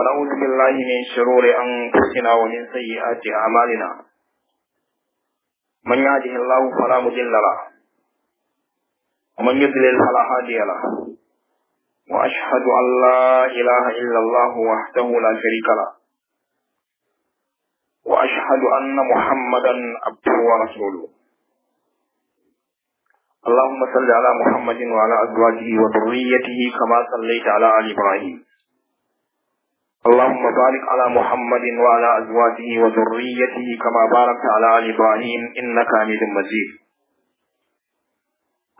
ونعوذ بالله من شرور أنفسنا ومن سيئات أعمالنا من يهده الله فلا مضل له ومن يضلل فلا هادي له وأشهد أن لا إله إلا الله وحده لا شريك له وأشهد أن محمدا عبده ورسوله اللهم صل على محمد وعلى أزواجه وذريته كما صليت على آل إبراهيم اللهم بارك على محمد وعلى أزواجه وذريته كما باركت على آل إبراهيم إنك حميد مجيد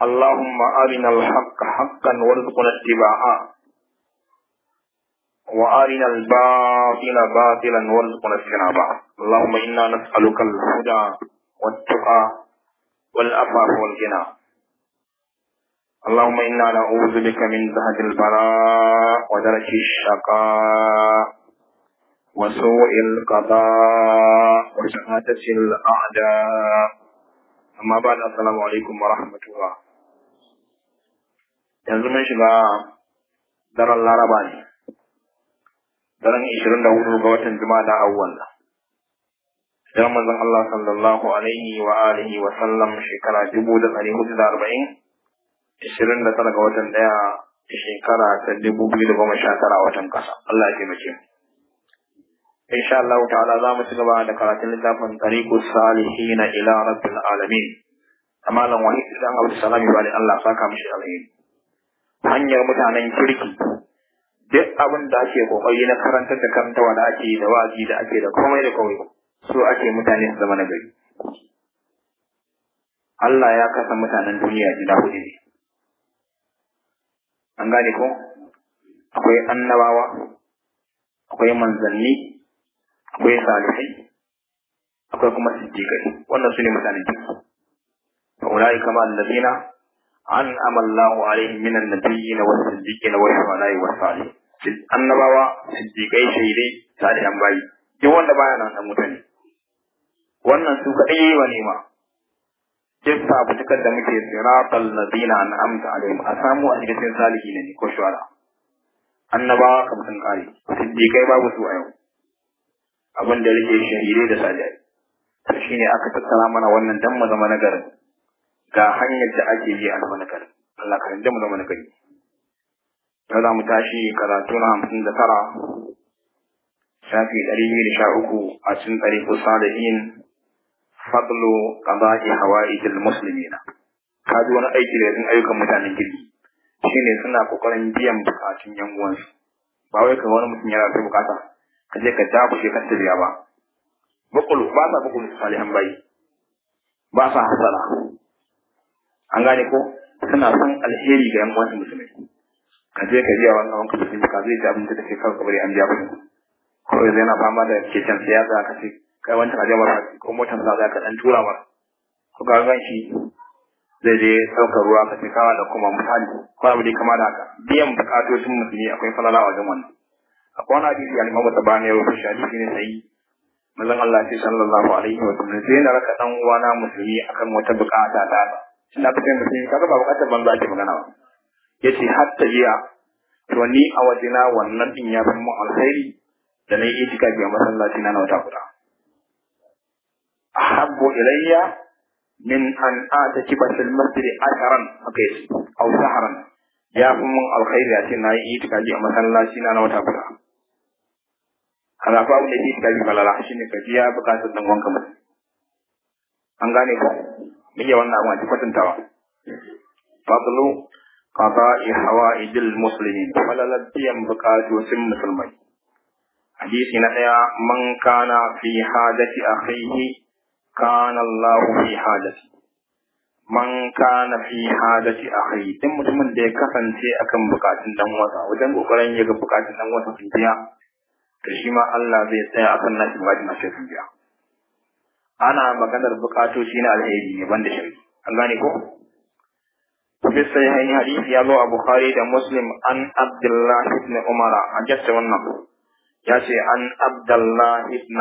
اللهم أرنا الحق حقا وارزقنا اتباعه وأرنا الباطل باطلا وارزقنا اجتنابه اللهم إنا نسألك الهدى والتقى والافاق والغنى اللهم إنا نعوذ بك من زهد البلاء ودرك الشقاء وسوء القضاء وشهادة الأعداء أما بعد السلام عليكم ورحمة الله yanzu mun shiga daren laraba ne daren ishirin da hudu ga watan juma'a da awwal hijirar manzon Allah sallallahu alaihi wa alihi wa sallam shekara dubu da hudu da arba'in ishirin da tara ga watan daya shekara ta dubu biyu da goma sha tara watan kasa Allah ya taimake mu insha Allah ta'ala za mu ci gaba da karatun littafin tariqu salihina ila rabbil alamin amalan wani idan abu salami ba da Allah saka mishi alheri hanyar mutanen kirki duk abin da ake kokari na karantar da karantawa da ake da wazi da ake da komai da komai so ake mutane su zama nagari Allah ya kasa mutanen duniya gida hudu ne an gane ko akwai annabawa akwai manzanni akwai salihai akwai kuma siddiqai wannan su ne mutanen kirki fa ulai kama allazina an'ama Allahu alaihim minan nabiyyin was siddiqin wa shuhada'i was salihin annabawa siddiqai shaidai salihan bayi duk wanda baya nan mutane wannan su kadai yayi wa nema kissa fitukar da muke siratal ladina an'amta alaihim a samu a cikin salihin ne ko shuhada annabawa kam sun kare siddiqai babu su a yau abin da rike shahire da sajai to shine aka tattara mana wannan dan mu zama nagarin ga hanyar da ake yi a zama Allah ka rinda mu zama nagari yau za mu tashi karatu na hamsin da tara shafi ɗari biyu da sha uku a cikin ɗari kusa da yin fadlu qada'i al muslimina kaji wani aiki da yin ayyukan mutanen kirki shine suna kokarin biyan bukatun yan uwansu ba wai kai wani mutum yana da bukata ka je ka dakushe ka tabiya ba bukul ba sa bukul salihan bai. ba sa hasala an gane ko suna son alheri ga yan uwansu musulmai ka je ka biya wannan wanka musulmi ka zai ji abin da take kan kabari an biya kuɗi kawai yana fama da keken siyasa ka ce kai wancan a jamar ko motar za ka dan tura mara Ko ga gan shi zai je saukar ruwa ka kawa da kuma misali ko abu dai kama da haka biyan bukatocin musulmi akwai falala a wajen wannan akwai wani hadisi ya limamu ta bani yau shi hadisi ne sai mazan Allah ce sallallahu alaihi wa sallam sai na raka dan uwana musulmi akan wata bukata ta shin na fitin musulmi kaga ba bukatar banza ake magana ba yace hatta jiya to ni a wajena wannan din ya fi mu alkhairi da na yi itikafi a masallaci na na wata guda ahabbu ilayya min an atakiba fil masjid asharan okay aw shahran ya fi mun alkhairi a ce na yi itikafi a masallaci na na wata guda kaga fa ita yake itikafi balala shine ka biya bukatar dan wanka mutum an gane Mun yi wannan abin a ci kwatantawa fadlu qada'i idil muslimin falalar biyan sun musulmai hadisi na daya man kana fi hajati akhihi kana Allah fi hajati man kana fi hajati mutumin da ya kasance akan bukatun dan wasa wajen kokarin ya ga bukatun dan wasa sun biya to shi Allah zai tsaya akan nashi bukatun nashi sun biya ana maganar bukatoci na alheri ne banda shari an gane ko fi sahihain hadith ya zo a bukhari da muslim an abdullah ibn umara a jasta wannan ya ce an abdullah ibn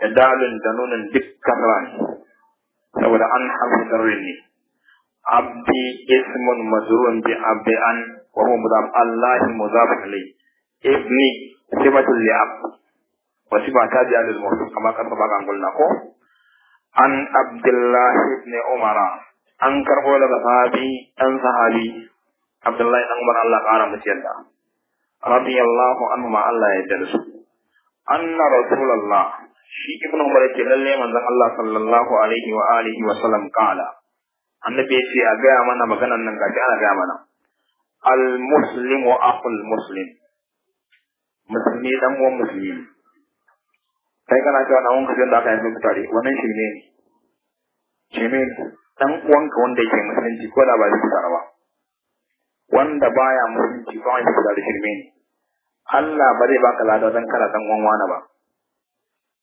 da dalin da nunin dukkan rani saboda an hasu darri ne abdi ismun mazrun bi abdi an wa mu mudaf Allah mudaf ilayhi ibni sifatul li'ab wa sifata bi alil mawdu kama kan ba kan gulla ko an abdullah ibn umara an karbo daga sahabi dan sahabi abdullahi dan umar Allah kara musu yadda radiyallahu anhu ma Allah ya yarda su anna rasulullah shi ibnu umar ce lalle manzon Allah sallallahu alaihi wa alihi wa sallam kala annabi ce a gaya mana maganan nan gashi ana gaya mana al muslim wa akhul muslim musulmi dan uwan musulmi kai kana cewa nan uwanka da aka yi tare wannan shi ne shi ne dan uwanka wanda yake musulunci ko da ba zai tsara ba wanda baya musulunci ba shi da shirme ne Allah ba zai baka lada dan kana dan uwan wani ba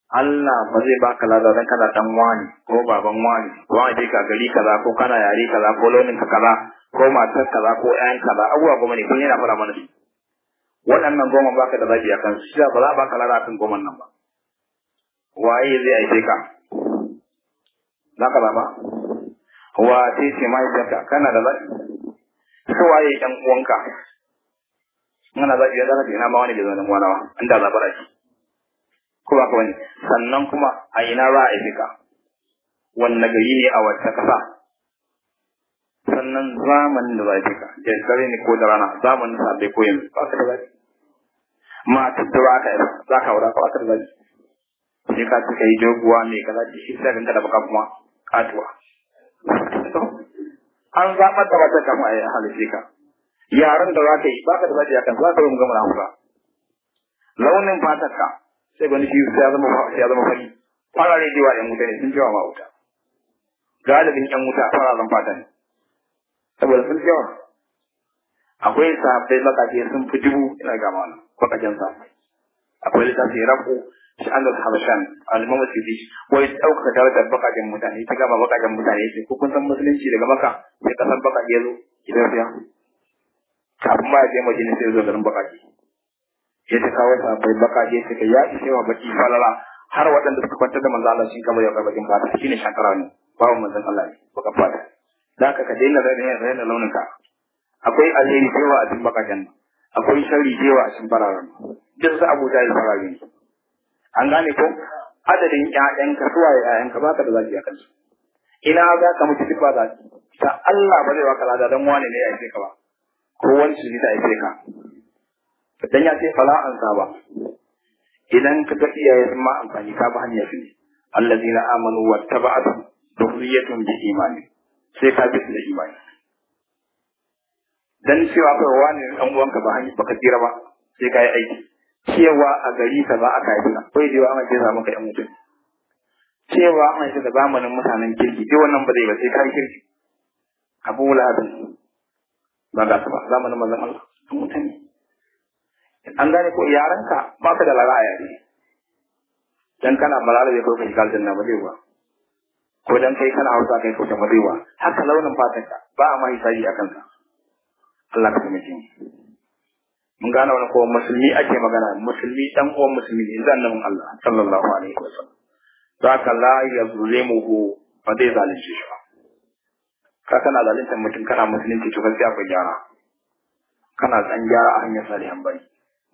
Allah ba zai baka lada don kana dan wani ko baban wani wani dai je ka gari kaza ko kana yare kaza ko launin ka kaza ko matar kaza ko ƴaƴan kaza abuwa goma ne kun yana fara mana shi waɗannan goma baka da zabi akan su shi ba za baka lada akan goman nan ba waye zai aike ka za ka zaba wa ce ce mahaifiyarka kana da zabi su waye ɗan uwanka muna zabi ya zaka ina ma wani bai zama ɗan uwana ba inda zabara shi ko ba wani sannan kuma a ina za a fika wanne gari ne a wata kasa sannan zamanin da za a fika da dare ne ko da rana zamanin sa bai koyin ba ka da zaki matar da ba ka yi za ka wura ba ka da zaki sai ka ci kai doguwa mai kaza ce shi sai ka da baka kuma katuwa an zaɓar da wata kama a halice ka yaran da za ka yi ba ka da zaki ya kan za ka yi mu gama na launin fatar ka sai gani shi ya zama ya zama fari farare da yan wuta ne sun jiwa ma wuta galibin yan wuta fararen fata ne saboda sun jiwa akwai sahabbai ke sun fi dubu ina ga mana bakaken sa akwai littafin rabu shi an zata habashan alimama su bi wai ɗaukaka tare da bakaken mutane ta gama bakaken mutane ya ce ko kun san musulunci daga maka sai kasar bakake ya zo idan ya kafin ma ya je majini sai zo garin bakake sai ta kawo sabai bakaje suka ya sai wa baki falala har waɗanda suka kwantar da manzo Allah sun kama yau bakin fata shine shakara ne babu manzon Allah ne ko ka fata dan ka daina raina launin ka akwai alheri cewa a cikin janna akwai sharri cewa a cikin fararen duk su abu da fararen an gane ko adadin ka suwa ka baka da zaki a kansu ina za ka mutu duk ba za ta Allah ba zai baka da dan wane ne ya aike ka ba ko wani ne ta aike ka dan ya ce fala an saba idan ka ga iyaye sun ma amfani ka ba hanyar su allazina amanu wa taba'atu dhurriyyatun bi imani sai ka bi da imani dan cewa kai wani dan uwanka ba hanyar baka jira ba sai ka yi aiki cewa a gari ka za a kai yi kai da amma sai samu kai yan mutum cewa amma sai da zamanin mutanen kirki duk wannan ba zai ba sai ka yi kirki abu lahabin ba da ba zamanin manzon Allah mutum ne an gane ko yaranka ba ka da lara a yare dan kana malala ya kai shiga aljanna ba zai ba ko dan kai kana hausa kai ko ba zai ba haka launin fatan ka, ba a ma sai a kanka Allah ka kuma jini mun gane wani ko musulmi ake magana musulmi dan uwan musulmi ne zan nan Allah sallallahu alaihi wasallam ka la ko ba zai zalunce shi ba ka kana zaluntar mutum kana musulunci to gaskiya akwai gyara kana san gyara a hanyar salihan bai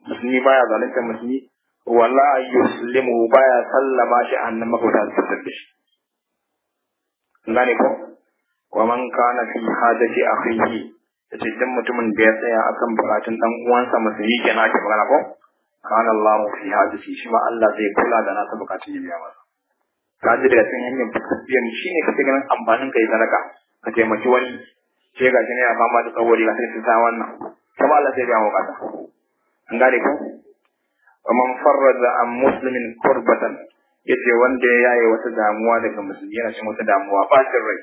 musulmi baya zalunta musulmi wala yuslimu baya sallama shi annan makauta su tafi shi gane ko wa man kana fi hadaji akhihi yace cikin mutumin da ya tsaya akan bukatun dan uwansa musulmi kenan ake magana ko kana Allah fi hadaji shi ma Allah zai kula da nasa bukatun ya biya masa kaji daga cikin hanyar biyan shi ne kake ganin amfanin kai sadaka ka taimaki wani ce ga shi ne a fama da tsawo riga sai su sa wannan kuma Allah zai biya mu an gane ko wa man farraza an muslimin kurbatan yace wanda ya yi wata damuwa daga musulmi yana cin wata damuwa bacin rai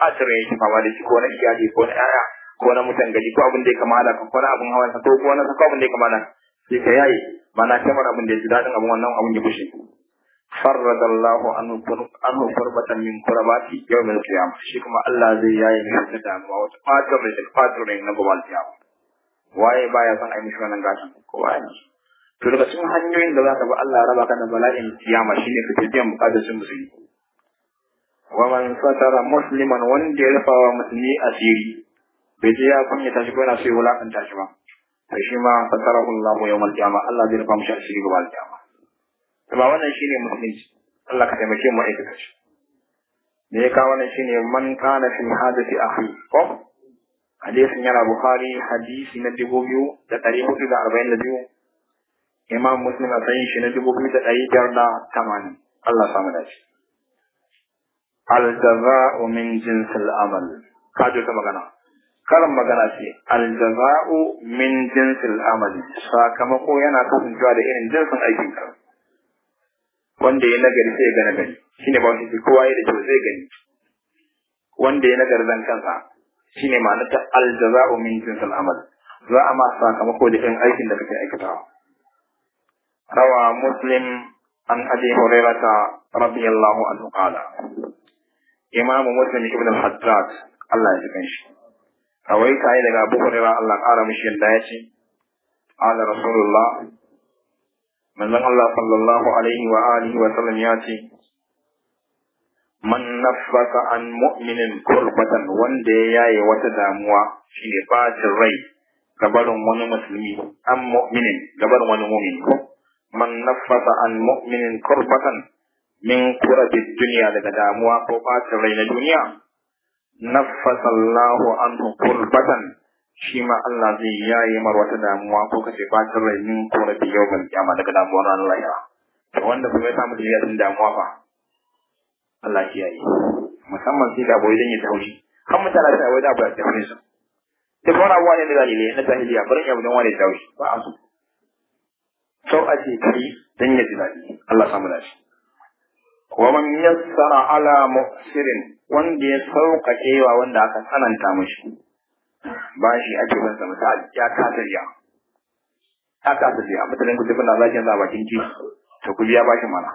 bacin rai yake fama da shi ko na iyali ko na yaya ko na mutan gari ko abin da ya kama kamala ko na abin hawan ko ko na ko abin da ya kamala sai ka yaye mana kamar abin da ya ji dadin abin wannan abin ya bushe farrada Allah anhu anhu qurbatan min qurbati yawm al-qiyamah shi kuma Allah zai yaye ne ta damuwa wata fatar rai da fatar rai na gobe al waye baya son ai mishi wannan gashi ko wani to daga cikin hanyoyin da za ka bi Allah raba ka da bala'in kiyama shine ka tafiya cin musulmi wa man satara musliman wanda ya rufa musulmi asiri bai je ya kunya tashi ko na so ya wulakanta shi ba sai shi ma satarahu Allahu yawmal kiyama Allah zai rufa mushi asiri gaba da kiyama to ba wannan shine musulunci Allah ka taimake mu aikata shi me ka wannan shine man kana fi hadisi akhi ko hadisin yana bukhari hadisi na dubu biyu da ɗari hudu da arba'in da biyu imam muslim a sayin shi na dubu biyu da ɗari biyar da tamanin allah samu dace aljaza'u min jinsil amal ka ji ta magana karin magana ce aljaza'u min jinsil sakamako yana kasancewa da irin jinsin wanda ya nagari sai gani shine ba wani kowa ya da kyau zai gani wanda ya nagari zan kansa shine ma'anar ta aljaza'u min jinsil amal za a ma sakamako da irin aikin da kake aikatawa rawa muslim an abi hurairata radiyallahu anhu qala imam muslim ibn al-hajjaj Allah ya jikan shi Kawai ka yi daga abu hurairah Allah ƙara mishi yadda ya ce qala rasulullah manzon Allah sallallahu alaihi wa alihi wa sallam ya ce man nafasa an mu'minin kurbatan wanda ya yaye wata damuwa shine bacin rai gabarin wani musulmi an mu'minin gabarin wani mu'min ko man nafasa an mu'minin kurbatan min kurabin duniya daga damuwa ko bacin rai na duniya nafasa Allahu an kurbatan shi ma Allah zai yaye mar wata damuwa ko kace bacin rai min yau yawmal kiyama daga damuwar Allah ya to wanda kuma ya samu da damuwa fa Allah ya yi musamman sai da boye dan yi taushi kan mutala sai wai da ba da hausa sai kuma abuwa ne da dalile na tahiliya? bari ya bude wani taushi ba a so sau a ce kai dan ya ji Allah ya samu lafiya wa man yassara ala mu'sirin wanda ya sauƙaƙe wa wanda aka tsananta mushi ba shi ake masa misali ya ka biya ya kasa biya mutanen ku tafi na zakin zaba kinki to ku biya bashi mana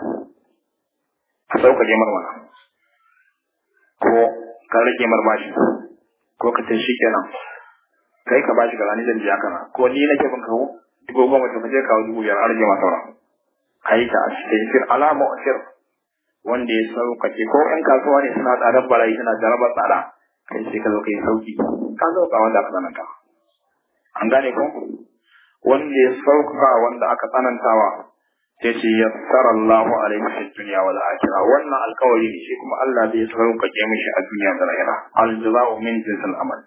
a sauƙaƙe marmana ko ka rage marmashi ko ka ce shi kenan kai ka bashi ga ni zan biya kana ko ni nake bin kawo dubu goma ta je kawo dubu biyar arje ma sauran kai ta alama a mu'sir wanda ya sauƙaƙe ko ƴan kasuwa ne suna tsadar barayi suna jarabar tsada kai sai ka zo kai sauki ka zo ka wanda aka tsananta an gane ko wanda ya sauka wanda aka tsanantawa yace yassara Allahu alaihi fid dunya wal akhirah wannan alkawari ne shi kuma Allah zai sauƙaƙe mishi a duniya da lahira al jazaa'u min jinsil amal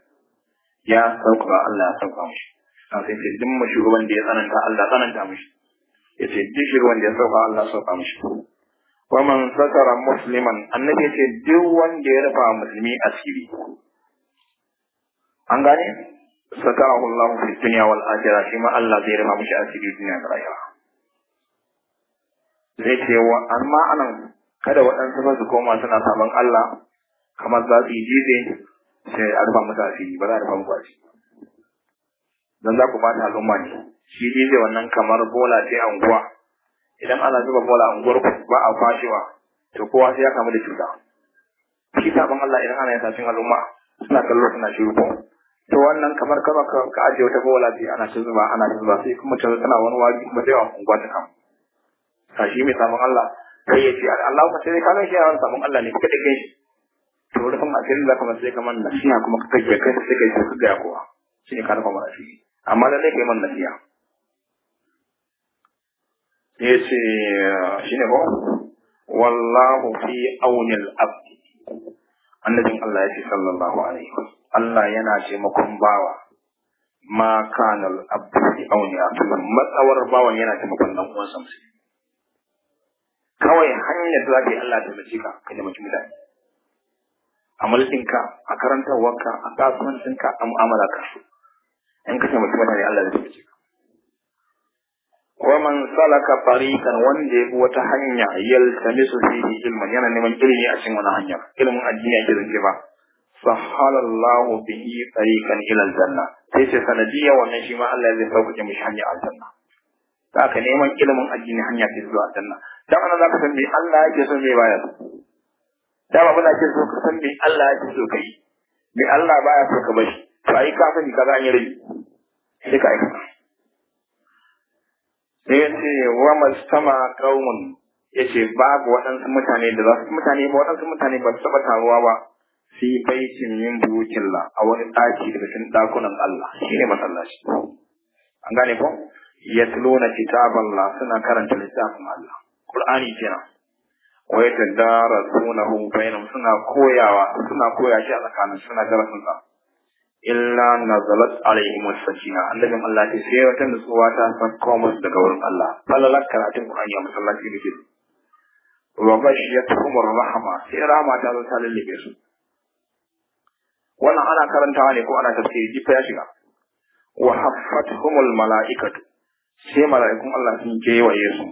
ya sauƙa Allah ya sauƙa mishi a sai ce duk shugaban da ya tsananta Allah tsananta mishi yace duk shugaban da ya sauƙa Allah sauƙa mishi wa man satara musliman annabi yace duk wanda ya rufa musulmi asiri an gane satarahu Allah fid dunya wal akhirah shi ma Allah zai rufa mishi asiri duniya da lahira zai ce wa amma anan kada waɗansu ba su koma suna sabon Allah kamar za su yi jize sai a rufa musu asiri ba za a rufa musu asiri dan za ku bata al'umma ne shi jize wannan kamar bola sai a unguwa idan ana zuba bola a unguwar ku ba a kwashewa to kowa sai ya kamu da cuta shi sabon Allah idan ana yasa cin al'umma suna kallo suna shiru ko to wannan kamar kama ka ajiye wata bola ce ana ta zuba ana ta zuba sai kuma ta tana wani wari kuma sai a unguwa ta kamu ka shi mai samun Allah kai ya ce Allah kuma sai ka gan shi yawan samun Allah ne kika dake shi to wani rufin asirin zaka man sai ka man nasiha kuma ka kai kai sai kai ka ga kowa shi ne ka rufa mana shi? amma lalle kai man nasiha ya ce shi ne ba wallahu fi aunil abdi annabin Allah ya ce sallallahu alaihi Allah yana taimakon bawa ma kana al-abdu fi auni akhir matsawar bawan yana taimakon dan uwansa musulmi kawai hanyar da za ka yi Allah ta mace ka ka nemi mutane a mulkinka a karantarwarka a kasuwancinka a mu'amalarka ka taimaki mutane Allah ka wa man salaka tariqan wanda yabi wata hanya yaltamisu fihi ilman yana neman ilimi a cikin wani hanya ilimin addini ake zance ba kan Allahu bihi tariqan ila aljanna sai ce sanadiyya wannan shi ma Allah zai sauƙaƙe mishi hanya aljanna da aka neman ilimin addini hanya ce zuwa aljanna dan ana za ka san me Allah yake so me baya so da ba muna kin so ka san me Allah yake so kai me Allah baya so ka bashi to ai ka sani kaza an yi rai? sai ka aika sai ya ce wa mastama qaumun yace babu waɗansu mutane da za su mutane ba waɗansu mutane ba su taɓa taruwa ba fi baitin min buyutillah a wani ɗaki daga cikin ɗakunan Allah shine masallaci an gane ko yatluna kitaballah suna karanta littafin Allah Qur'ani kenan wa yatadarasunahu bainahum suna koyawa suna koya shi a tsakanin suna darasin sa illa nazalat alaihim as-sakina annabi Allah ya sai wata nutsuwa ta sakko musu daga wurin Allah falalak karatun Qur'ani a masallaci ne wa bashiyatuhum rahma sai rahma ta zo ta lalle su wannan ana karantawa ne ko ana tafsiri jifa ya shiga wa haffatuhum al-mala'ikatu sai mala'ikun Allah sun kewaye su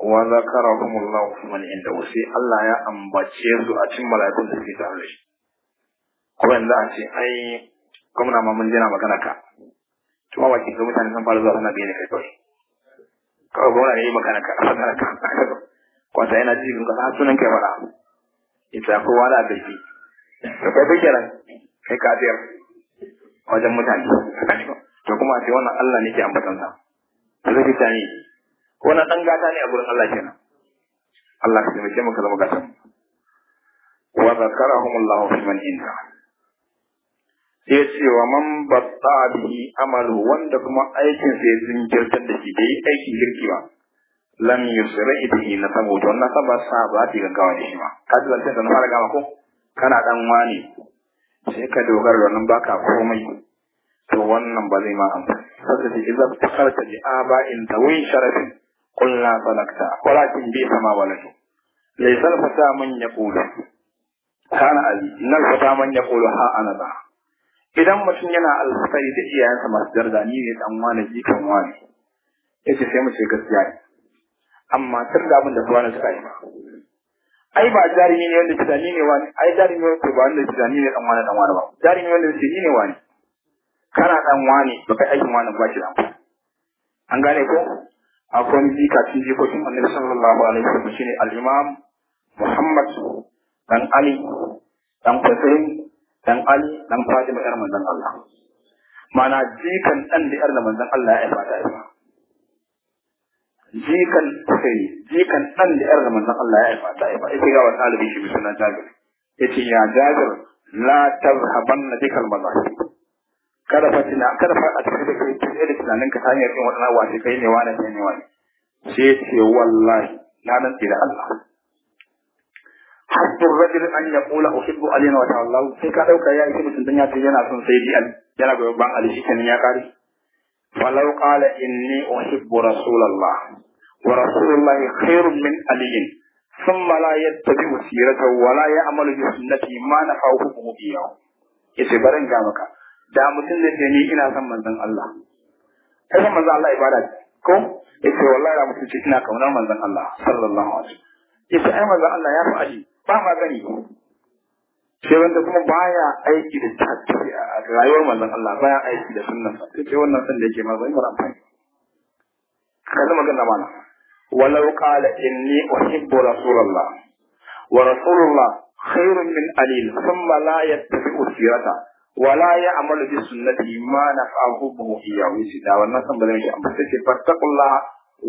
wa zakarakum Allah fi man inda sai Allah ya ambace su a cikin mala'ikun da suke tare da shi ko yanzu a ce ai gwamna ma mun jina magana ka to ba baki ga mutane sun fara zuwa suna bayyana kai kawai kawai gwamna ne yi magana ka a sanar ka kwanta yana jijin ka har sunan kai fara ita ko wani a gaji to kai kake nan kai ka wajen mutane to kuma sai wannan Allah ne ke ambatan sa annabi ta ne ko na dan gata ne a gurin Allah kenan Allah ya taimake mu ka zama gatan wa zakarahum Allah fi man inda sai ce wa man batta bihi amalu wanda kuma aikin sai jinkirtar da shi bai aikin girki ba lam yusra bihi na saboda wannan saba sa ba ta gaggawa da shi ba ka ji zancen da na fara gama ko kana dan wani sai ka dogara da nan baka komai to wannan ba zai ma amfani فقد إذا افتخرت لآباء ذوي شرف قل لا صدقت ولكن بئسما ولد ليس الفتى من يقول كان علي إن الفتى من يقول ها أنا ذا idan mutum yana alfahari da iyayensa masu darda ni ne dan wani jikan wani yace sai mu ce gaskiya ne amma tun da abin da suwa na suka yi ba ai ba jarumi ne wanda ni ne wani ai jarumi wanda ba wanda ne dan wani dan wani ba jarumi wanda ni ne wani kana dan wani ba kai aikin wani ba shi da amfani an gane ko akwai bi kafin jikokin annabi sallallahu alaihi wasallam shine al-imam Muhammad dan Ali dan Hussein dan Ali dan Fatima yar manzon Allah mana jikan dan da yar manzon Allah ya fada ya jikan Hussein jikan dan da yar manzon Allah ya fada ya fada sai ga wani alibi shi sunan Jabir yace ya Jabir la tazhabanna bikal mazahib kada fa tuna kada fa a tafi da kai tun da tunanin ka ta hanyar yin wadannan wace kai ne wani kai ne wani sai ce wallahi na nan tsira Allah حتى الرجل أن يقول أحب علينا وتعالى sai ka ɗauka ya ishe mutum ya ce yana son sai di yana goyon ban ali shi kenan ya kare falau qala inni uhibbu rasulallah wa rasulullahi khairun min aliyin ثم لا يتبع سيرته ولا يعمل بسنته ما نفعه به إياه. إذا برن جامك da mutum zai ce ni ina son manzon Allah kai san manzon Allah ibada ko yace wallahi da mutum ce ina kaunar manzon Allah sallallahu alaihi wasallam yace ai manzon Allah ya fi ali ba ma gani sai wanda kuma baya aiki da tafi a rayuwar manzon Allah baya aiki da sunnan sa sai wannan san da yake ma bai mara amfani kaza magana mana walau qala inni uhibbu rasulullah wa rasulullah khairun min alil thumma la yattabi'u sirata wala ya amalu bi sunnati ma nafa'ahu bi iyawi da wannan kan bazan shi amma sai fattaqulla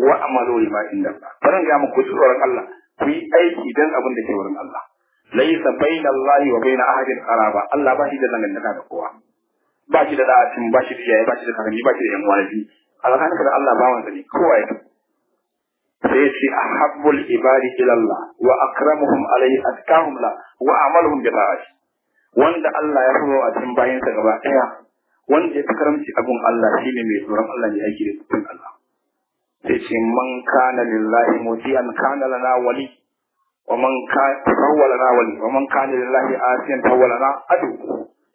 wa amalu lima inda baran ga muku tsoron Allah ku yi aiki dan abin da ke wurin Allah laysa bainallahi wa bain ahadin qaraba Allah ba shi da dangantaka da kowa ba shi da da'atin ba shi da yayi ba da kakanni ba da yan wani alhakan da Allah ba wanda ne kowa ya sai ce ahabbul ibadi ila wa akramuhum alayhi wanda Allah ya furo a cikin bayansa gaba ɗaya wanda ya fi karamci abun Allah shi ne mai tsoron Allah ne aiki da tsoron Allah sai ce man kana lillahi mutiyan kana lana wali wa man kana tawwala lana wali wa man kana lillahi asiyan tawwala lana adu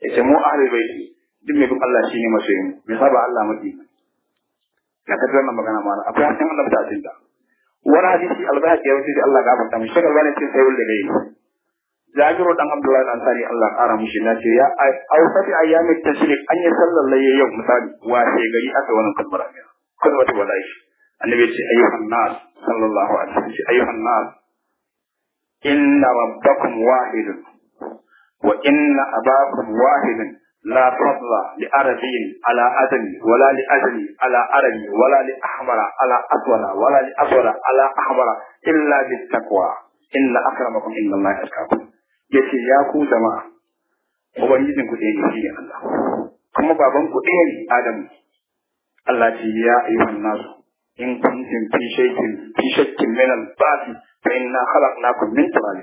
yace mu ahlul baiti duk mai bin Allah shi ne masoyin me saba Allah mafi na kaddar nan magana mana, akwai hadisin Allah ta tsinda wani hadisi ke yawanci da Allah gafarta mishi shagal bane cin sai wanda gai Jabiru dan Abdullahi Ansari Allah ƙara mishi na ce ya au fati ayyamin tashrik an yi sallar laye yau misali wa ce gari aka wannan kalmar amina kun wata wallahi annabi ce ayyuhan nas sallallahu alaihi wasallam ayyuhan nas inna rabbakum wahidun wa inna abakum wahidun لا فضل لعربي على أدني ولا لأدني على عربي ولا لأحمر على أسود ولا لأسود على أحمر إلا بالتقوى إن أكرمكم إن الله أشكاكم ya ce ya ku jama'a ubangijin ku ɗaya shi ne Allah kuma baban ku ɗaya ne Adamu Allah ce ya ayyuhan nasu in kuntum fi shaykin fi shakkin min al-ba'd fa inna khalaqnakum min turab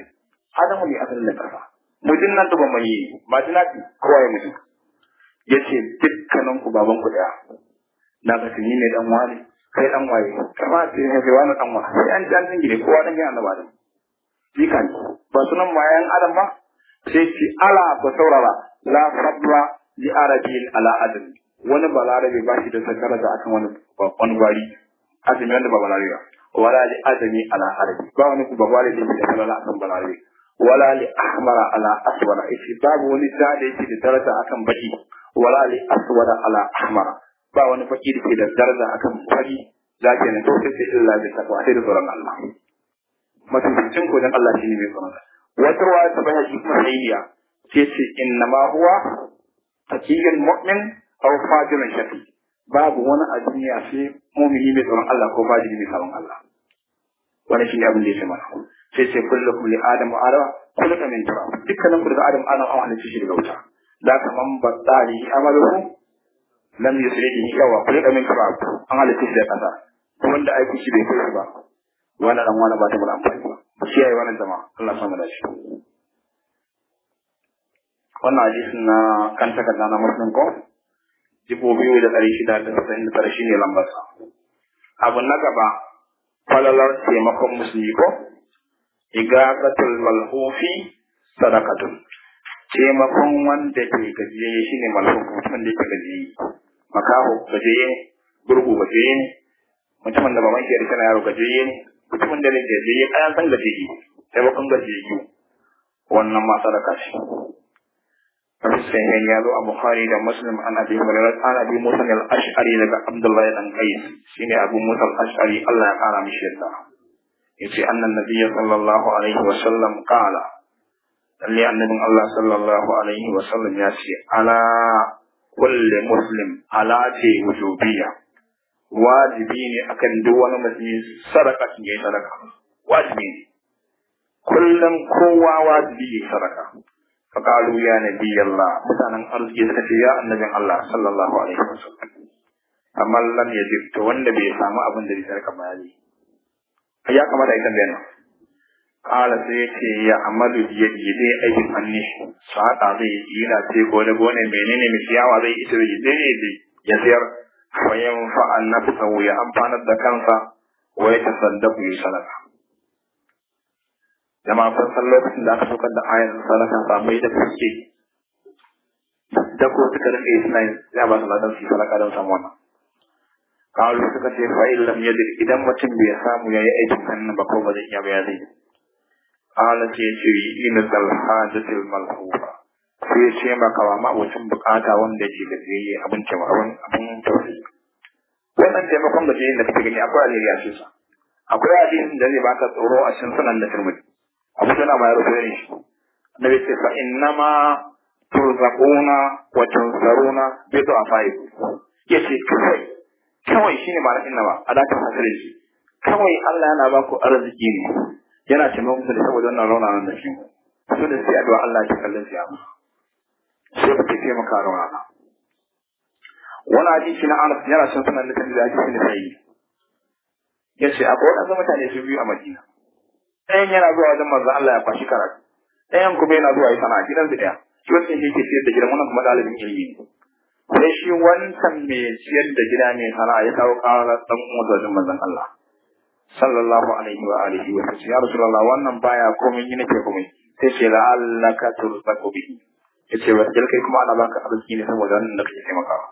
Adamu ne asalin kafa mujin nan da bamu yi ba dinaki kowa ya mutu yace dukkanin ku baban ku ɗaya na ga tuni ne dan wani kai dan waye kama sai ne wani dan wani sai an dan gine kowa dan ya annaba ne kan ba sunan mayan adam ba sai ce ala ba saurara la sabra li arabin ala adam wani balarabe ba shi da sakara da akan wani babban gwari azumi wanda ba balarabe ba wala li azumi ala arabi ba wani ku babare da yake da kalala akan balarabe wala li ahmara ala aswara ishi babu wani da da yake da daraja akan baki wala li aswara ala ahmara ba wani fakiri ke da daraja akan fari zaka ne to sai illa bi da tsoron mafificin kodan Allah shi ne mai tsoronsa wata ruwa ta bayan shi kuma sayiya ce ce in na ma huwa taqiyyul mu'min aw fajirun shafi babu wani a duniya sai mu'mini mai tsoron Allah ko fajiri mai tsoron Allah Wani shi ne abin da ya ce mana sai ce kulle-kulle adam wa ara kullukum min turab dukkanin ku daga adam ana an halice shi daga wuta Za ka da kaman batsari amaluhu lam yusrihi yawa kullukum min turab an halice shi daga kasa wanda aiki shi bai kai ba wani dan wani ba ta bada amfani ba shi yayi wannan jama'a Allah samu da shi wannan hadisin na kan takarda na muslim ko jibo biyu da ɗari shida da saba'in da tara shine lambar sa abu na gaba falalar taimakon musulmi ko igazatul malhufi sadakatun taimakon wanda ke gajiyayye shine malhufi wanda ke gajiyayye makaho gajiyayye gurgu gajiyayye ne, mutumin da ba mai yari tana yaro gajiyayye ne mutumin da nake da ya kayan san gaje ki sai ba kun gaje ki wannan ma sadaka ce sai ya zo a Bukhari da Muslim an Abi Hurairah an Abi Musa al-Ash'ari daga Abdullah ibn Qais shine Abu Musa al-Ash'ari Allah ya kara mishi yadda yace annan nabiy sallallahu alaihi wa sallam qala lalle annabin Allah sallallahu alaihi wa sallam ya ce ala kulli muslim ala ce wujubiyya wajibi ne akan duk wani musulmi sadaka shi yayi sadaka wajibi ne kullum kowa wajibi yayi sadaka fa qalu ya nabiyallah mutanen arziki suka ce ya annabin Allah sallallahu alaihi wasallam amma lam yajib to wanda bai samu abin da zai sadaka ba ya kamata ya tambaye nan kala sai ya ce ya amadu ya yi zai aikin hannu sata zai yi na ce gone gone menene mai ciyawa zai ita zai zai ya sayar wa na nafsahu ya amfanar da kansa wa ya tasaddaqu ya sadaka jama'a kun san lokacin da aka saukar da ayar sadaka sabai da suke da ko suka rike suna ya ba su ladan su sadaka don samu wannan kawo suka ce fa'il lam yadir idan mutum bai samu ya yi aikin sannan ba ko ba zai iya ba ce zai قال سيتي da الحاجة الملحوفة sai ce maka wa ma'abocin bukata wanda ke yi abin taimakon abin tausayi wannan taimakon yin da kake gani akwai alheri a cikinsa akwai hadisin da zai baka tsoro a cikin sunan da turmi abu tana ma ya rubuta ne shi na bai ce fa innama turzaquna wa tunzaruna bi Ya ce kawai kawai shine ma'ana a adakan hasare shi kawai Allah yana ba ku arziki ne yana taimakon da saboda wannan raunanan da shi su da sai addu'a Allah ya kallon siyasa. sai ka kai taimaka da rana wani hadisi na Anas yana son sanar da da hadisi na sai ya ce akwai wadansu mutane sun biyu a Madina ɗayan yana zuwa wajen manzo Allah ya kwashi karatu ɗayan kuma yana zuwa ya sana'a gidan su ɗaya shi wancan shi ke siyar da gidan wannan kuma ɗalibin ilimi ne sai shi wancan mai siyar da gida mai sana'a ya kawo ƙarar ɗan uwansa wajen manzon Allah sallallahu alaihi wa alihi wa sallam ya rasulullah wannan baya komai yi ke komai sai ce la'allaka turzaku bihi yace ba ajal kai kuma ana baka arziki ne saboda wannan da kake taimakawa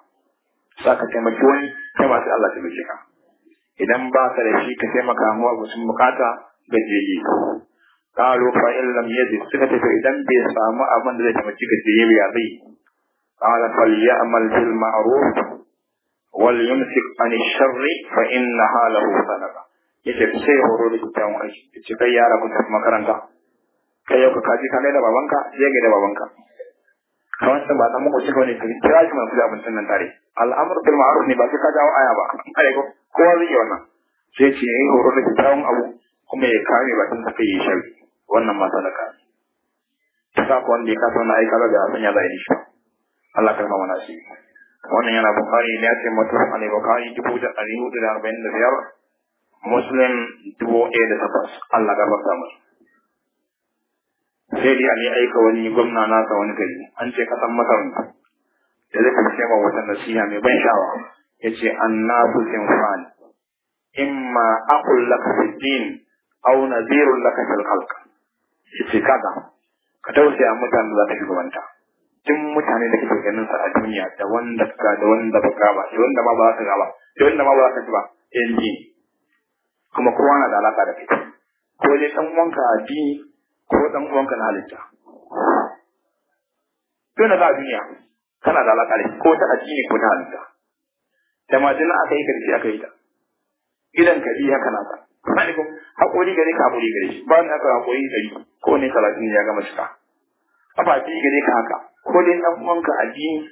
za ka taimaki wani kai ba sai Allah ta taimake ka idan ba ka da shi ka taimaka mu abu sun bukata gajiyayye qalu fa in lam yajid suka tafi idan bai samu abin da zai taimaki gajiyayye ya zai qala fal ya'mal bil ma'ruf wal yumsik an ash-sharri fa innaha lahu sadaqa yace sai horo da kitan wani yace kai yara ku tafi makaranta kai yau ka kaji ka da babanka je ga da babanka ka wancan ba san makwacin wani ka kira shi mai kuɗi abincin nan tare al'amur bil ma'ruf ne ba sai ka jawo aya ba kare ko kowa zai yi wannan sai ce yayi horo da kyakkyawan abu kuma ya kame bakin da kai yi shari wannan ma sadaka ta sa wanda ya kasa wannan aika da sanya za a yi shi Allah karma mana shi wannan yana bukari ne ya ce mutum ne bukari dubu da ɗari hudu da arba'in da biyar muslim dubu ɗaya da takwas Allah gafarta musu sai dai ne aika wani gwamna nasa wani gari an ce kasan masar da zai karshe ma wata nasiha mai ban sha'awa ya ce an nasu sinfan imma akul laka fi din aw nazirun laka fil khalq shi ce kaga ka tausaya mutane za ta shugabanta duk mutane da kake ganin sa a duniya da wanda ka da wanda ka ba da wanda ma ba za ka ga ba da wanda ma ba za ka ji ba yanzu kuma kowa na da alaka da kai ko dai dan wanka addini ko dan uwanka na halitta to na ga duniya kana da alaka da ko ta addini ko ta halitta da majina aka yi karfi aka yi ta idan ka haka na ta malikum hakuri gare ka hakuri gare shi ba ni aka hakuri gare ko ne talatin ya gama cika afa ji gare ka haka ko dai dan uwanka addini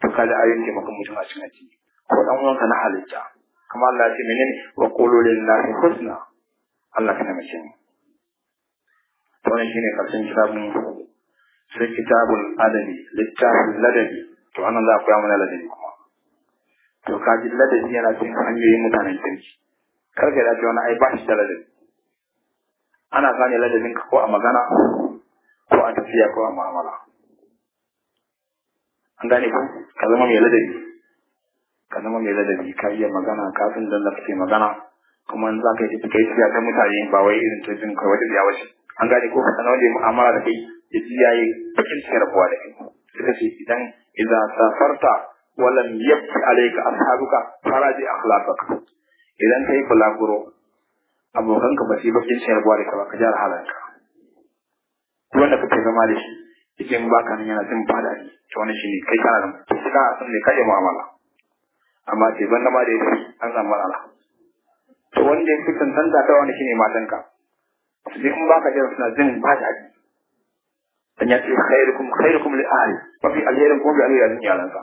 to ka da ayyuka maka mutum a cikin addini ko dan uwanka na halitta kamar Allah ya ce menene wa qulul lillahi husna Allah kana mace ne wannan shine karshen kitabun sai kitabun adabi littafin ladabi to anan za a koya mana ladabi kuma to kaji ladabi yana cikin hanyoyin mutanen kirki kar ka dace wani ai ba shi da ladabi ana gane ka ko a magana ko a tafiya ko a mu'amala an gane ku ka zama mai ladabi ka zama mai ladabi ka iya magana ka san dan da kake magana kuma in za ka yi tafiya ta mutane ba wai irin ta jin kawai da ya wuce an gane ko kana wanda ya mu'amala da kai ya ji yi bakin cikin rabuwa da kai suka ce idan idan safarta walam yabki alayka ashabuka faraji akhlaqak idan kai abokan abokanka ba sai bakin cikin rabuwa da kai ba ka jara halanka wanda kake zama da shi cikin baka nan yana jin fada ne to wannan shine kai kana nan ka kika san me kai mu'amala amma ce banda ma da yake an samu mara to wanda ya fi tantanta ta wani shine matanka su je baka jiran suna jin ba daɗi dan ya ce khairukum khairukum li ahli mafi alherin kuma bi alherin yaransa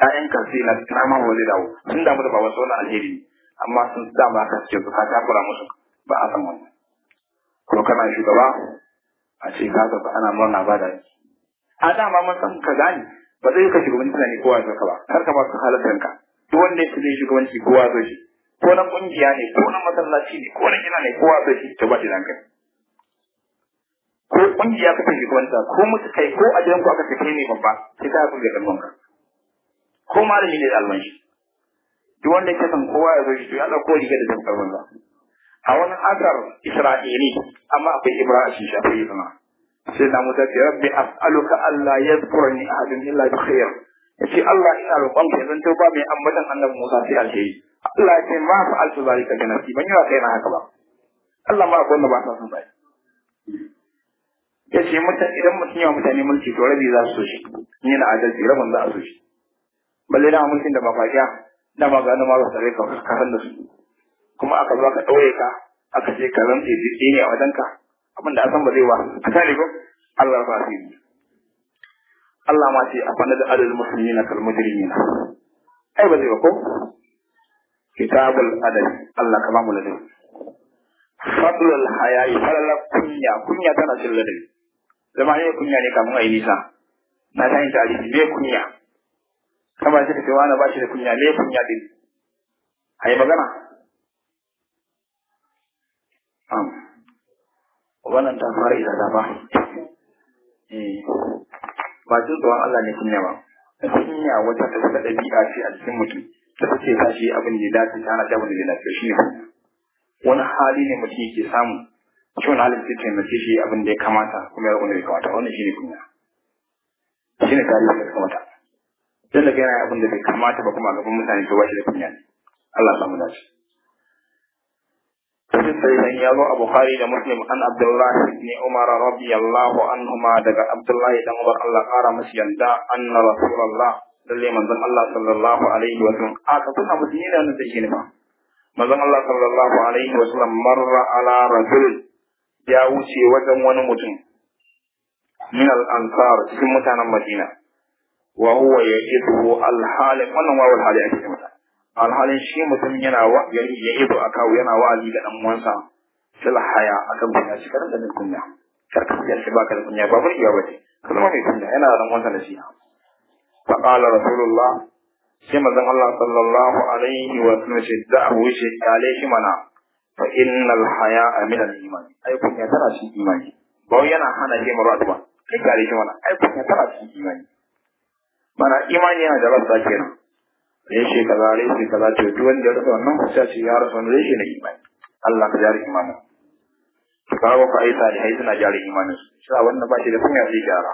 ƴaƴanka sai na dama wani dawo sun damu da ba wasu wani alheri amma sun dama ka suke su ka takura musu ba a san wannan ko kana shugaba a ce ka ga ana murna ba daɗi a dama mun san ka gani? ba zai ka shugabanci tunani kowa ya ka ba kar ka ba su halattanka duk wanda ya shugabanci kowa zai shi ko na kungiya ne ko na masallaci ne ko na gina ne kowa bai shi ta ba nan kai ko kungiya kake kwanta, ko mutu kai ko a ku aka ce kai ne babba sai ka kun ga dalmanka ko malami ne da shi duk wanda ke san kowa ya zo shi ya dauko riga da dalman banza a wani asar isra'ili amma akwai ibra a shi akwai yana sai na musa ce rabbi as'aluka alla yadhkurni ahadun illa bi khair yace Allah ina roƙon ka zan ba mai ambatan annabi Musa sai alheri Allah ya ce ma fa altu zalika ga nafsi ban yawa kai na haka ba Allah ma ko wanda ba sa son bai ya ce idan mutum yawa mutane mulki to rabi za su so shi ni na adalci rabin za a so shi balle da mulkin da ba fakiya da ma ga ma ba su rai ka san da su kuma aka zo ka ɗaure ka aka ce ka rantse jiki ne a wajen ka abin da asan ba zai wa a tare ko Allah ba su yi Allah ma ce a fana da adadin musulmi na kalmujirmi na ai ba zai ba ko kitabul adabi Allah ka mu ladabi fadlul hayayi falala kunya kunya tana cin ladabi zama ne kunya ne kamun ayi nisa na san ta me kunya kama shi ka ce wani ba shi kunya me kunya din ayi magana am wannan ta fara ida da ba eh. ba jin tsoron Allah ne kunya ba kunya wata ta dabi'a ce a cikin mutum da suke sa shi abin da ya dace ta hana shi abin da ya dace shi ne wani hali ne mutum yake samu shi wani halin zai taimake shi abin da ya kamata kuma ya wanda ya kamata wannan shi ne kunya shi ne tarihi da kamata dan daga yana abin da bai kamata ba kuma gaban mutane to ba shi da kunya Allah samu dace Sai sai ya zo a Bukhari da Muslim an Abdullah ibn Umar radiyallahu anhuma daga Abdullah dan Umar Allah kara masa yanda anna Rasulullah lalle manzon Allah sallallahu alaihi wa sallam a ah, ka kuna mutum ne nan take ne ba manzon Allah sallallahu alaihi wa sallam marra ala ya wuce wajen wani mutum min al ansar cikin mutanen Madina wa huwa yajidu al wannan wa al hali ake mata al halin shi mutum yana wa gari yana wa'azi ga dan uwansa fil haya akan kunya shi da kunya karka shi baka da kunya ba burgewa bace kuma mai kunya yana da dan uwansa da shi فقال رسول الله كما ذن الله صلى الله عليه وسلم دعه وجهك عليه منا فإن الحياء من الإيمان أي كن يترى في إيمان بو ينا حنا جيم رأتوا كيف عليه منا أي كن يترى في إيمان mana imani yana da rasa kenan reshe kaza reshe kaza ce duk wanda ya rasa wannan hujja ce ya rasa wannan reshe na imani Allah ka jari imanin ka kawo ka da imanin wannan ba shi da kunya zai gyara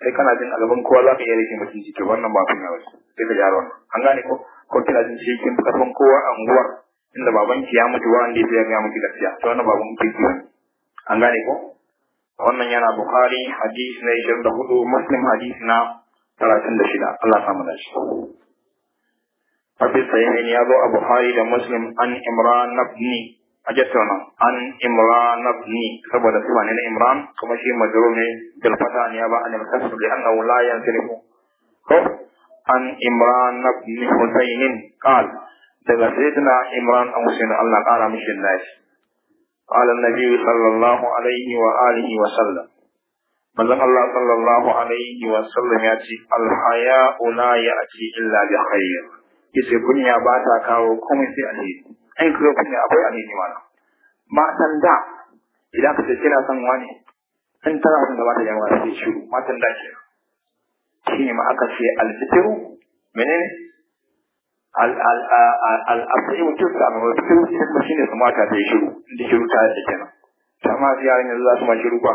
sai kana jin alaban kowa za ka iya rage mutum to wannan ba kunya wasu sai ka gyara wannan an gane ko ko kina jin shi kin karfin kowa a unguwar inda babanki ya mutu wanda ya ga miki gaskiya to wannan baban kiki ne an gane ko wannan yana bukhari hadisi na 24 muslim hadisi na 36 Allah samu da shi Abi Sayyid ya zo a Bukhari da Muslim an Imran ibn a jattauna an imran ni saboda suna na imran kuma shi majrur ne bil fata ne ba an mutasil li annahu la yansilifu ko an imran ibn husayn qal daga sayyidina imran an husayn Allah kara mishi lashi قال wa صلى الله عليه وآله وسلم من الله صلى الله عليه وسلم يأتي الحياء لا يأتي إلا بخير kunya ba ta kawo كومي في الهيد in ka ne akwai amini mana matan da idan ka ce kina son wani in tana son da mata yawa sai shiru matan da ke shi ne ma aka ce alfitiru menene al'asiri mutum da amma fitiru shi kuma shi ne su mata sai shiru inda shiru ta da kenan ta ma yaran yanzu za su ma shiru ba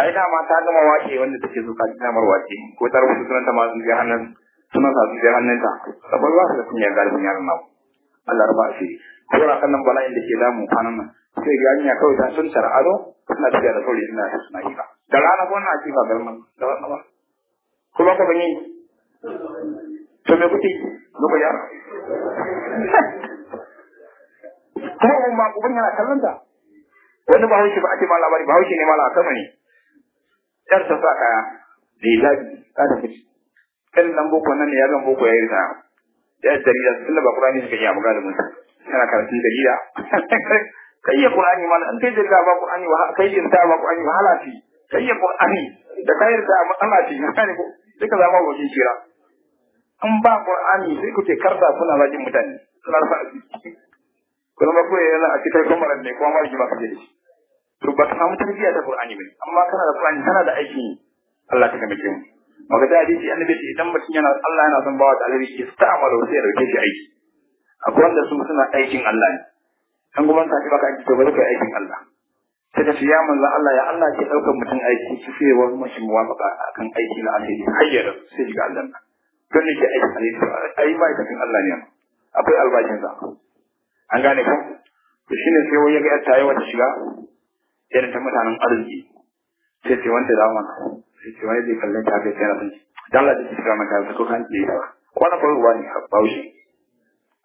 ai dama ta gama wace wanda take so ka gina mar wace ko ta rubuta sunanta ma zuciyar hannun Suna sa zuciyar hannunta saboda ba su da kunyar galibin yaran namu Allah raba shi kora kan nan bala'in da ke damu kwanan nan sai ga hanya kawai ta sun tara ado suna tafiya da sauri suna ta suna kira da rana ko na kira da man da wannan ba kuma ka bani to me kuke muku ya kuma umma uban yana kallon ta wani ba haushi ba ake ma labari ba haushi ne ma la ne yar ta sa kaya da ilabi ta tafi kan nan boko nan ne ya zan boko ya yi ta da jarida tunda ba Qur'ani suka yi a magalibin kana karatun jarida kai ya Qur'ani ma an kai ba Qur'ani wa kai yin ta ba Qur'ani wa halati kai ya da kai da ce ko duka zama kira an ba Qur'ani sai kuke kuna mutane suna kuma ba koyi yana a cikin ne to ba ta samu amma kana da kana da aiki Allah ta kamake mu maka da hadisi annabi ce idan mutum yana Allah yana son bawa da alheri ta ta'amala sai ya dauke shi aiki akwai wanda su suna aikin Allah ne an kuma ta baka aiki to bari kai aikin Allah sai ka ya manzo Allah ya Allah ke daukar mutum aiki ki sai wani mashi muwafaka akan aiki na alheri hayyar sai shiga Allah na don ne ke aiki alheri ai ba aikin Allah ne akwai albashin sa an gane ko to shine sai wani ya ga ta yi wata shiga irin ta mutanen arziki sai ce wanda da mana ce wai zai kallon ta kai kira banci dan Allah ta shiga maka ta ko kan ce ba ko na faruwa ne ha baushi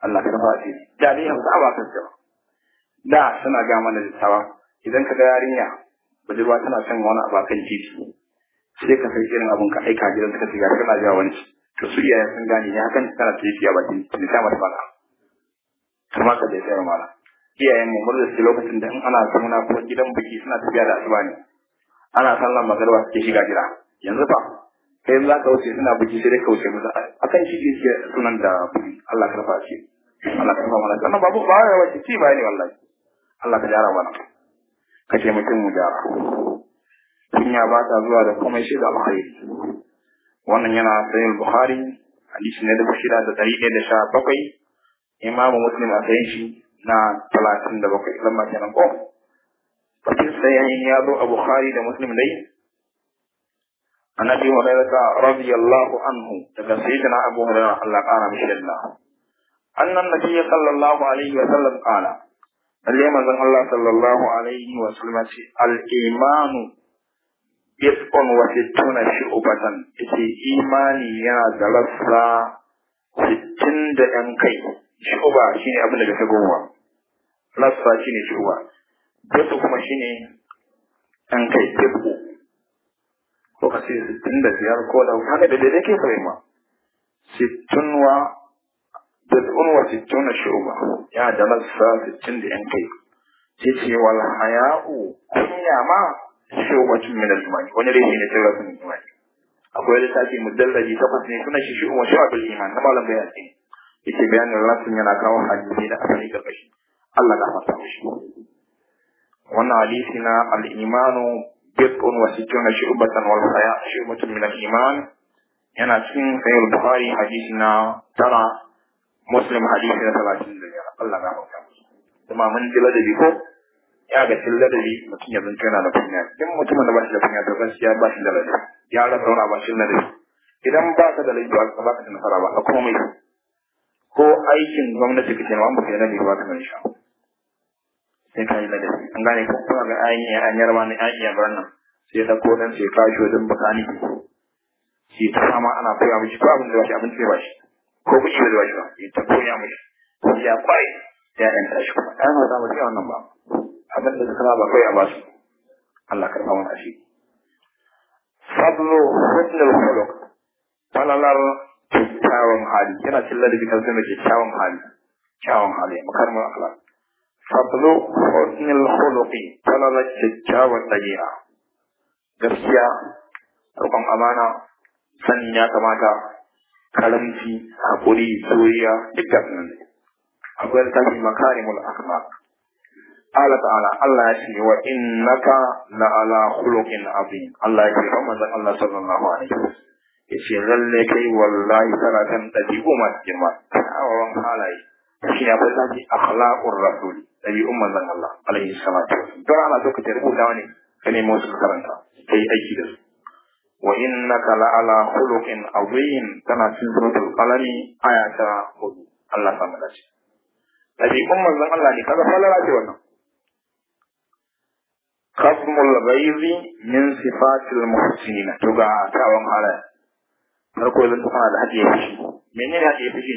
Allah ka dafa ce da ne hamsa ba kan ce da suna ga mana littawa idan ka ga yarinya budurwa tana son wani abu kan titi sai ka sai irin abun ka aika gidan ka shiga kana jawo wani to su iyaye sun gane ne hakan tana titi a bakin ne ta mata baka kuma ka da tsaya mala iyayen mu murza lokacin da in ana zauna ko gidan biki suna tafiya da asuba ne ana sallan magarba suke shiga gida yanzu fa kai za ka wuce suna buki sai dai ka wuce musu akan shi ke sunan da buki Allah karfa shi Allah karfa mana sannan babu ba ya wace ci ba ne wallahi Allah ka jara mana ka ce mutum mu jara kunya ba ta zuwa da komai shi da alkhairi wannan yana sayin bukhari hadisi ne da shida da dari ɗaya da sha bakwai imamu muslim a sayin shi na talatin da bakwai lamma kenan ko cikin sayayin ya zo a bukhari da muslim dai annabi hurairata radiyallahu anhu daga sayyidina abu hurairah Allah kara mishi Allah annan nabiyyi sallallahu alaihi wa sallam qala lalle manzon Allah sallallahu alaihi wa sallam ce al-imanu bid'un wa sittuna shu'batan yace imani yana da rassa sittin da 'yan kai shu'ba shine abin da ka gowa rassa shine shu'ba Fesu kuma shi ne an kai teku ko ka ce sittin da biyar ko da haka da daidai ke fahimma. Sittin wa bid'un wa sittin na shu'uba ya da nasa sittin da yan kai. Sai ce wal haya'u kunya ma shu'ubatun cin al-imani wani rashi ne cin rasin imani. Akwai wani littafi mujallaji takwas ne suna shi shu'uba shu'abul iman na malam bayan ɗin. Yake bayanin rasin yana kawo hadisi da asali karkashi. Allah ka fasa mishi. wannan hadisi na al-imanu bid'un wa sittuna shu'batan wal haya shu'batun min al-iman yana cikin sahih bukhari hadisi na tara muslim hadisi na 35 Allah ya rahmata kuma mun ji ladabi ko ya ga ladabi mutum ya zanto yana da kunya idan mutumin da ba shi gaskiya ba shi da ladabi ya ba ladabi idan ba ka da ba ka nasara ba a komai ko aikin gwamnati kake ma ba ka da ladabi ba ka da shi sai ka yi ladabi an gane ko kuma ga an yi an yarba ne an iya sai da ko dan sai wajen bakani shi ta fama ana koya ko abin da bashi abin da bashi ko kuɗi da bashi ba shi ta koya mishi shi ya kwari ya ɗan tashi kuma ɗan ba za mu ji wannan ba abin da suka ba koya ba su Allah karɓa mana shi fadlu husnul khuluq falalar hali yana cin ladabi kan sai mai kyakkyawan hali kyawun hali makarmar akhlaq fadlu husnul khuluqi falala kyakkyawan dabi'a gaskiya rukun amana sanin ya kamata karamci hakuri soyayya dukkan nan akwai littafin makarimul akhlaq قال تعالى الله يشفي وإنك لعلى خلق عظيم الله يشفي رمضان الله صلى الله عليه وسلم يشفي غلك والله ثلاثا تجيب ما تجمع أولا halaye. shi ne abin zafi akhlaqur rasul dabi umman zan Allah alaihi salatu wasallam don ana so ka ta rubuta wani ka nemo su karanta kai aiki da su wa innaka la'ala khuluqin azim tana cikin suratul qalam aya ta 4 Allah ta mu dace dabi umman zan Allah ne kaga falala ce wannan خصم الغيظ من صفات المحسنين تقع تاوان على farko zan tafi da hadiye fushi menene hadiye fushi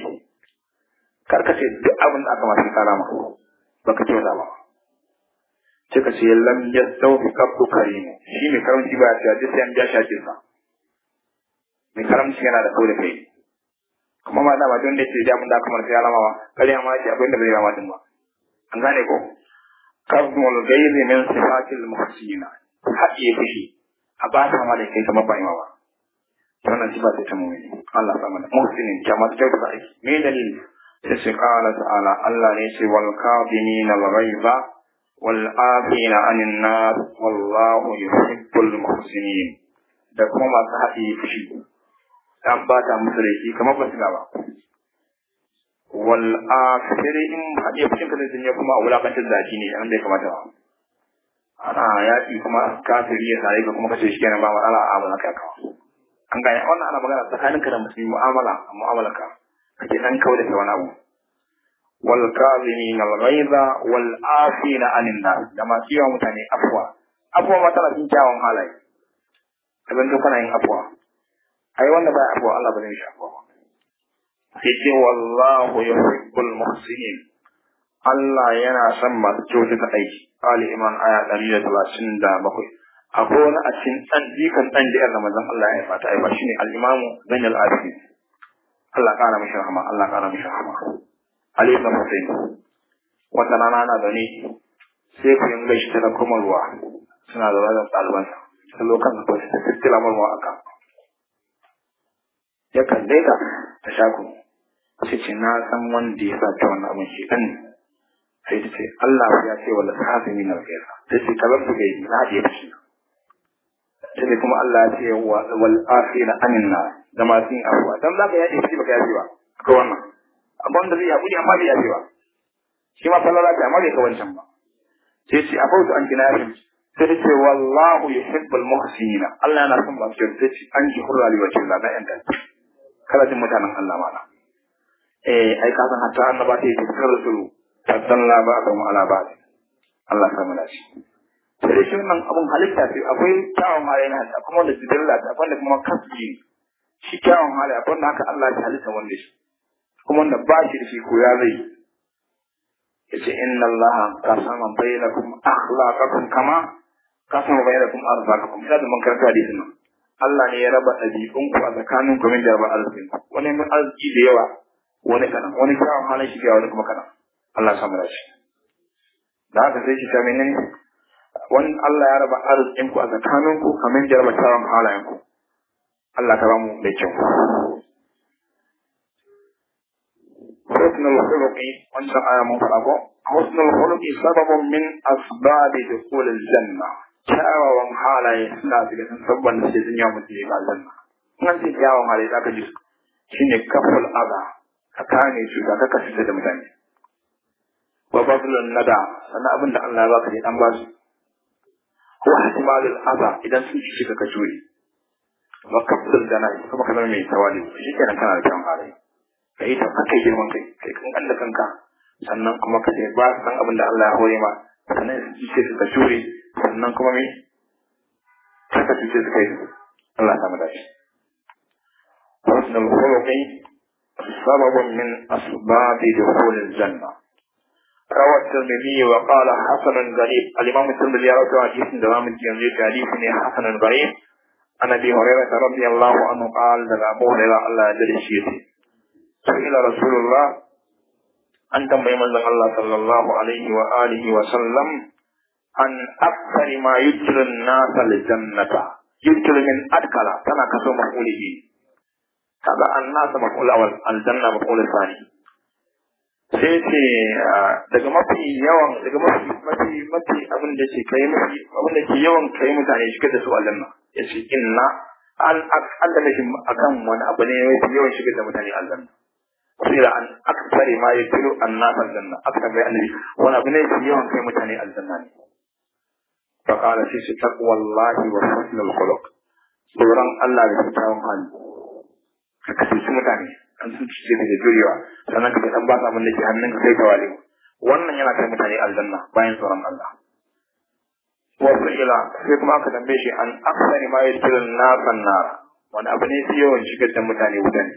kar ka ce duk abin da aka masu sai maka ba ka ce wala ba ce ka ce lam zau fi kare ne shi mai karamci ba ya ce duk sai an ja shi sa mai karamci yana da da kai kuma ma da don da ce da abin da aka masu sai ya rama ba kare ya mace abin da bai rama din ba an gane ko kabdul ghaizi min sifatil muhsina haƙiye fushi a ba ta ma da kai kamar ba ima ba wannan sifa ta mummuni Allah ya sa mana muhsinin jama'a ta aiki me dalili sai qala ta'ala Allah ne ce wal kafirin al ghaiba wal afina anin nas wallahu yuhibbul muhsinin da kuma masu haɗe fushi dan ba ta musu da kamar ba su ba wal afiri in haɗe fushin ka da ya kuma a wulakantar zaki ne an bai kamata ba ana yaƙi kuma kafiri ya sare ka kuma kace shi kenan ba matsala a ba za ka an gane wannan ana magana tsakaninka da musulmi mu'amala a ka. kake dan kauda da wani abu wal kazimin al ghaiza wal afina anin nas da masu yawa mutane afwa afwa ma tana cikin kyawun halaye kaban to kana yin afwa ai wanda ba afwa Allah ba zai shi afwa sai ce wallahu yuhibbul muhsinin Allah yana son masu ta aiki Ali Imran aya 137 akwai wani a cikin ɗan jikan ɗan da yar Allah ya fata ai ba shine al-Imam Zainal Abidin Allah ƙara mishi rahama Allah ƙara mishi rahama Ali ibn Hussein wata rana na da zaune sai ku yin gaishe na kuma ruwa suna da wajen ɗaliban sai lokacin da ta tattila marwa a kan ya kalle ta ta shaku sai ce na san wanda ya sa ta wannan abin shi ɗan sai ta ce Allah ya ce wala sahabi na gaisa sai ce kalar su gaisa na haɗe da shi sai kuma Allah ya ce wal afina anin nas da masu yin abuwa dan za ka yaɗe shi baka yaɗe ba ka wannan abin da zai ne amma bai yaɗe ba shi ma falala ta amma bai ka wancan ba sai ce afautu an kina yafi sai ta ce wallahu yuhibbul muhsinina Allah yana son masu ta ce an ji hurra liwa ce na dan ta Kala jin mutanen Allah na. eh ai ka san hatta annaba ta yi tsakar rasulu faddalla ba a mu ala ba Allah ya samu lafiya sai shi wannan abun halitta sai akwai tawon ayyana akwai wanda su dalla akwai wanda kuma kasbi shi kyawun hali a da haka Allah ya halitta wanda shi kuma wanda ba shi da shi ko ya zai ce inna Allah qasama kuma akhlaqakum kama qasama bainakum kuma. ina da man karka hadisin nan Allah ne ya raba ɗabi'un ku a tsakanin ku min da raba arzikin ku wani mun arziki da yawa wani kana wani kyawun halin shi wani kuma kana Allah ya samu shi. da haka sai shi ta menene wani Allah ya raba arzikin ku a tsakanin ku kamar da kyawun halayen ku Allah ka bamu mai kyau husnul khuluqi wannan aya mun faɗa ko husnul khuluqi sababun min asbabi dukhulil janna kyawawan halaye suna daga cikin sabbin da suke jinya mutum ya ga aljanna in an ce kyawawan halaye za ka ji su Shi ne kaful aza ka kane cuta ka kasance da mutane wa bazlun nada sannan abinda Allah ya baka ne dan basu ko ihtimalul aza idan sun ci ka ka jure makasir da nan kuma ka zama mai tawali shi kenan kana da kyan halaye ka yi tafi kai girman kai kai kan Allah kanka sannan kuma ka sai ba san abin da Allah ya hore ma sannan su ce su ka jure sannan kuma me ka ka cuce su kai Allah ta mada shi husnul khuluqi sababun min asbabi dukhulil janna روى الترمذي وقال حسن غريب الإمام الترمذي روى حديث دوام الترمذي حسن غريب عن ابي هريره رضي الله عنه قال لابو هريره الله يدري شيء سئل رسول الله أن تنبي من الله صلى الله عليه وآله وسلم أن أكثر ما يدخل الناس الجنة يدخل من أدخل كما كسو مفعوله هذا الناس مفعول أول الجنة مفعول الثاني sai ce ah, daga mafi yawan daga mafi mafi mafi abin da ke kai mafi abin da ke yawan kai mutane shigar da su aljanna ya ce inna Allah ne akan wani abu ne mafi yawan shigar da mutane aljanna sira an aksari ma ya tiro na aljanna aksar bai annabi wani abu ne mafi yawan kai mutane aljanna ne fa qala shi shi taqwallahi wa husnul khuluq tsoron Allah da kyakkyawan hali kasance mutane an sun cuce ka da jurewa sannan ka dan ba su abin da ke hannun kai ta wale wannan yana kai mutane aljanna bayan tsoron Allah wasu ila sai kuma aka tambaye shi an aksari ma ya tilin nasan nara wani abu ne sai yawan shigar da mutane wuta ne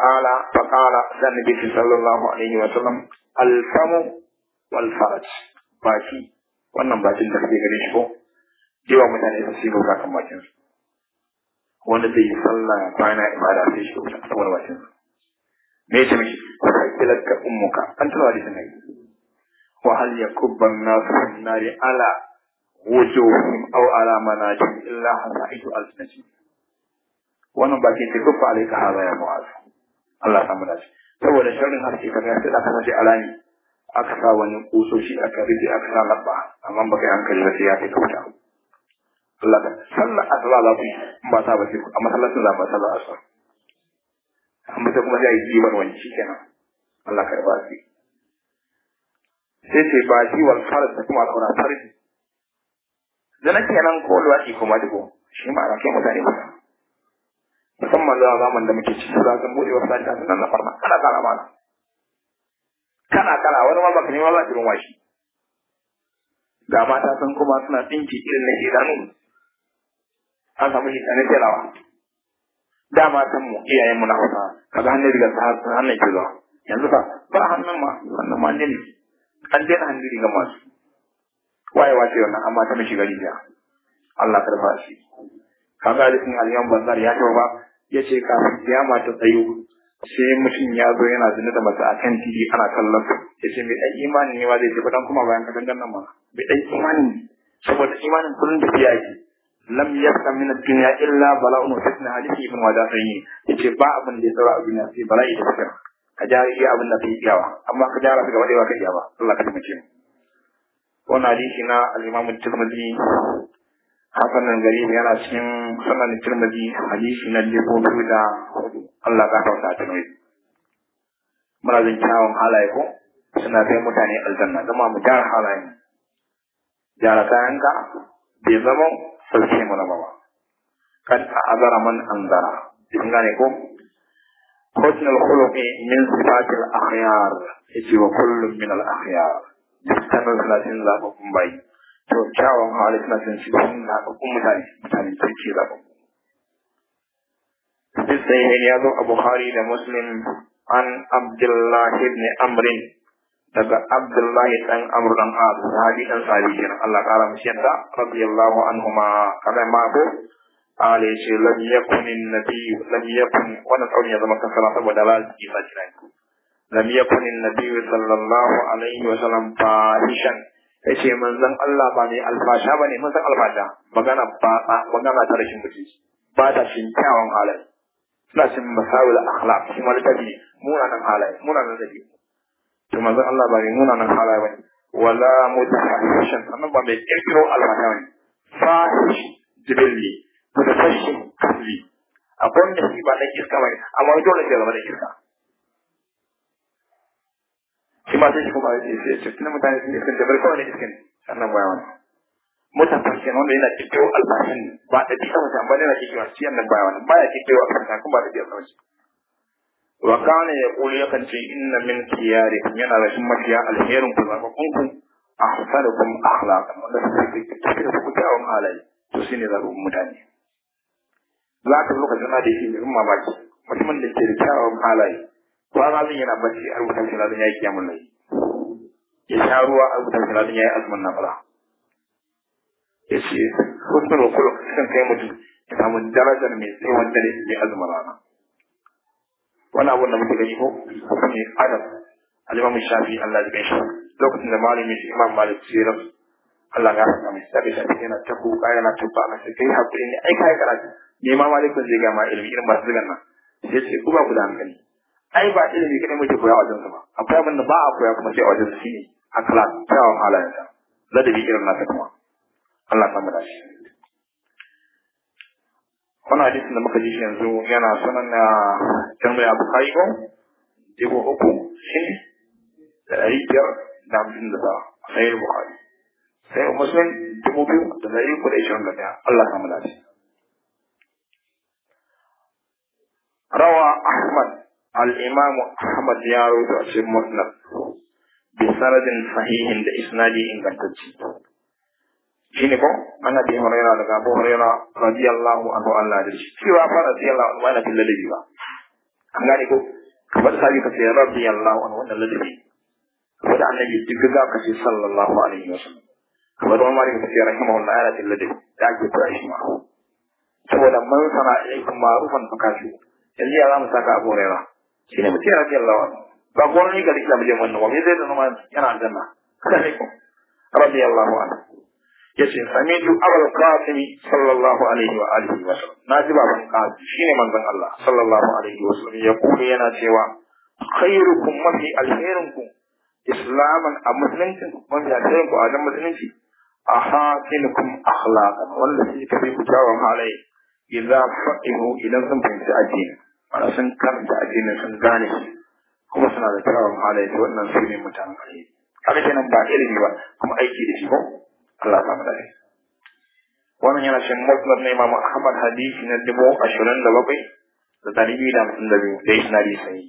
qala fa qala dan nabi sallallahu alaihi wa sallam alfamu wal faraj baki wannan bakin da kake gare shi ko yawa mutane su shigo kakan bakin su wanda zai yi sallah kwana ibada sai shi wuta saboda wacin me ta mishi fakilat ka ummuka an tara hadisin ai wa hal yakubba an-nasu an-nari ala wujuhihim aw ala manajim illa hasaitu al-sinati wannan baki ce kufa alaika hada ya mu'az Allah samu dace saboda sharrin haske kaga sai aka sace alani aka sa wani kusoshi aka rige aka sa labba amma baka yi hankali ba sai ya kai kauta sallah sallah asuba za ku yi ba ta ba ku amma sallah sun zama sallah asuba an mutum kuma zai yi mana wani kenan Allah ka yi ba su yi. sai ce ba shi wal farz da kuma al'aura farji zana kenan ko luwaɗi ko madigo shi ma ana kai mutane ba musamman zuwa zaman da muke cikin za zan buɗe wasu sa'ida sunan na farma kana kana mana kana kana wani ma baka nema ba rumwa shi. ga mata sun kuma suna tsinki irin na idanu an samu shi tsanin telawa dama san mu iyayen mu na hausa ga hannun rigar ta hannun ke zuwa yanzu ba ba hannun ma hannun ma ne an daina hannun rigar masu waye wace wannan amma ta mishi gari ja Allah karfa shi ga alifin aliyan banzar ya ce ba ya ce kafin kiyama ta tsayo sai mutum ya zo yana zina da masa a kan TV ana kallon ya ce mai dan imanin ne ba zai ce ba dan kuma bayan ka gangan nan ma mai ɗan imanin saboda imanin kullum da biya yake lam yasa min ad-dunya illa bala'un wa fitna hadisi ibn wada'i yace ba abin da ya tsara a duniya sai bala'i da fitna ka jara iya abin da kai iyawa amma ka jara su gaba da ka iya ba Allah ka taimake mu wannan hadisi na al-Imam at-Tirmidhi hasan al-Gharib yana cikin sanan at-Tirmidhi hadisi na dubu biyu da Allah ka kauta ta nuri muna jin kyawun halaye ko suna kai mutane aljanna zama mu gyara halayen gyara kayanka bai zama sauke mu na baba kan azara man anzara kin gane ko husnul khuluqi min sifatil akhyar yace wa kullum min al akhyar dukkanin salatin zababbun bayi to kyawun hali suna sun ci sun zababbun mutane mutane sun ce zababbun duk sai ya zo a bukhari da muslim an abdullahi ibn amrin daga Abdullahi dan amru dan Abu Hadi dan Sali Allah kara mu shedda radiyallahu anhuma kada ma ko ale shi lam yakun nabi lam yakun wannan tsaurin ya zama sala saboda ba su kisa kira ku lam yakun nabi sallallahu alaihi wa sallam fahishan yace manzon Allah ba ne alfasha ne, mun san alfasha magana ba magana ta rashin mutunci ba ta shin kyawun halaye suna cin masawul akhlaq kuma da tabi munanan halaye munanan dabi'u to manzon Allah ba mai nan halaye bane wala mutahassishan annan ba mai kirkiro alfata bane fahish jibilli da mutafashin kasbi a wanda shi ba dan iska bane amma dole sai zama dan iska shi ma sai shi kuma ya ce ce tun mutane sun iskan da barko ne iskan sannan baya wani mutafashin wanda yana kirkiro alfashin ba da bisa mutum ba ne na kirkiro shi annan baya wani ya kirkiro alfashin kuma ba da bisa mutum wa kana ya kulu ya kance inna min kiyari yana da rashin mafiya alherin ku zaɓaɓɓun ku a hasara kuma akhlaqan wanda suke tafi da ku kyawun halaye to shine zaɓaɓɓun mutane Zaka zo ka zama da shi mai mamaki mutumin da ke da kyawun halaye kwana zan yana bacci a rubutan shi ya yi kiyamun lai ya sha ruwa a rubutan shi lazin ya yi na nafila ya ce husnul kullu kan kai mutum ya samu darajar mai wanda ne ya azumin rana wani abun da muke gani ko ne adam alimamu shafi Allah da shi. lokacin da malami shi imam malik sirar Allah ya rasa mai sabi shafi yana ta kuka yana ta ba masa kai hakuri ne ai kai karatu ne ma malik zai ga ma ilimi irin masu zigan nan sai ce ku ba ku da hankali ai ba ilimi kadai muke koya wajen sa ba akwai abin da ba a koya kuma sai a wajen shi ne a kalan kyawun halayensa ladabi irin nasa kuma Allah ya samu dashi wannan hadisin da muka ji yanzu yana sanan na tambaya bukari ko dubu uku shi da ɗari biyar da hamsin da ba sayar bukari sai muslim dubu biyu da ɗari uku da ishirin da ɗaya Allah samu lafiya روى أحمد الإمام أحمد يارو في مسند بسند صحيح لإسناده إن كنت shine ko annabi hurairah daga abu hurairah radiyallahu anhu Allah da shi cewa fa radiyallahu anhu ana filla ladabi ba an gane ko kamar sabi ka ce radiyallahu anhu wannan ladabi wanda annabi duk ka ce sallallahu alaihi wasallam kamar wani malik ka ce rahimahullah ana filla ladabi da ake fara shi ma saboda man sana eh, ilaikum ma'rufan fakashi yanzu ya zamu saka abu hurairah shine mu ce radiyallahu anhu ba gwamnati ga islam je wannan wa me zai zama yana aljanna radiyallahu anhu yace samitu abul qasim sallallahu alaihi wa alihi wa sallam naji baban qasim shine manzon Allah sallallahu alaihi wa sallam ya kuma yana cewa khairukum mafi alkhairukum islaman a musulunci mafi alkhairukum a wajen musulunci A ahasinukum akhlaqan wanda shi ka bi ku kyawun halaye idza fa'ihu idan sun fahimci addini wanda sun karanta addinin sun gane kuma suna da kyawun halaye to wannan su ne mutanen alheri kaga kenan ba ilimi ba kuma aiki da shi ba. Allah samu dare wannan yana cikin musnad ne Imam Ahmad hadisi na dubu ashirin da bakwai da dari biyu da hamsin da biyu da isnadi sai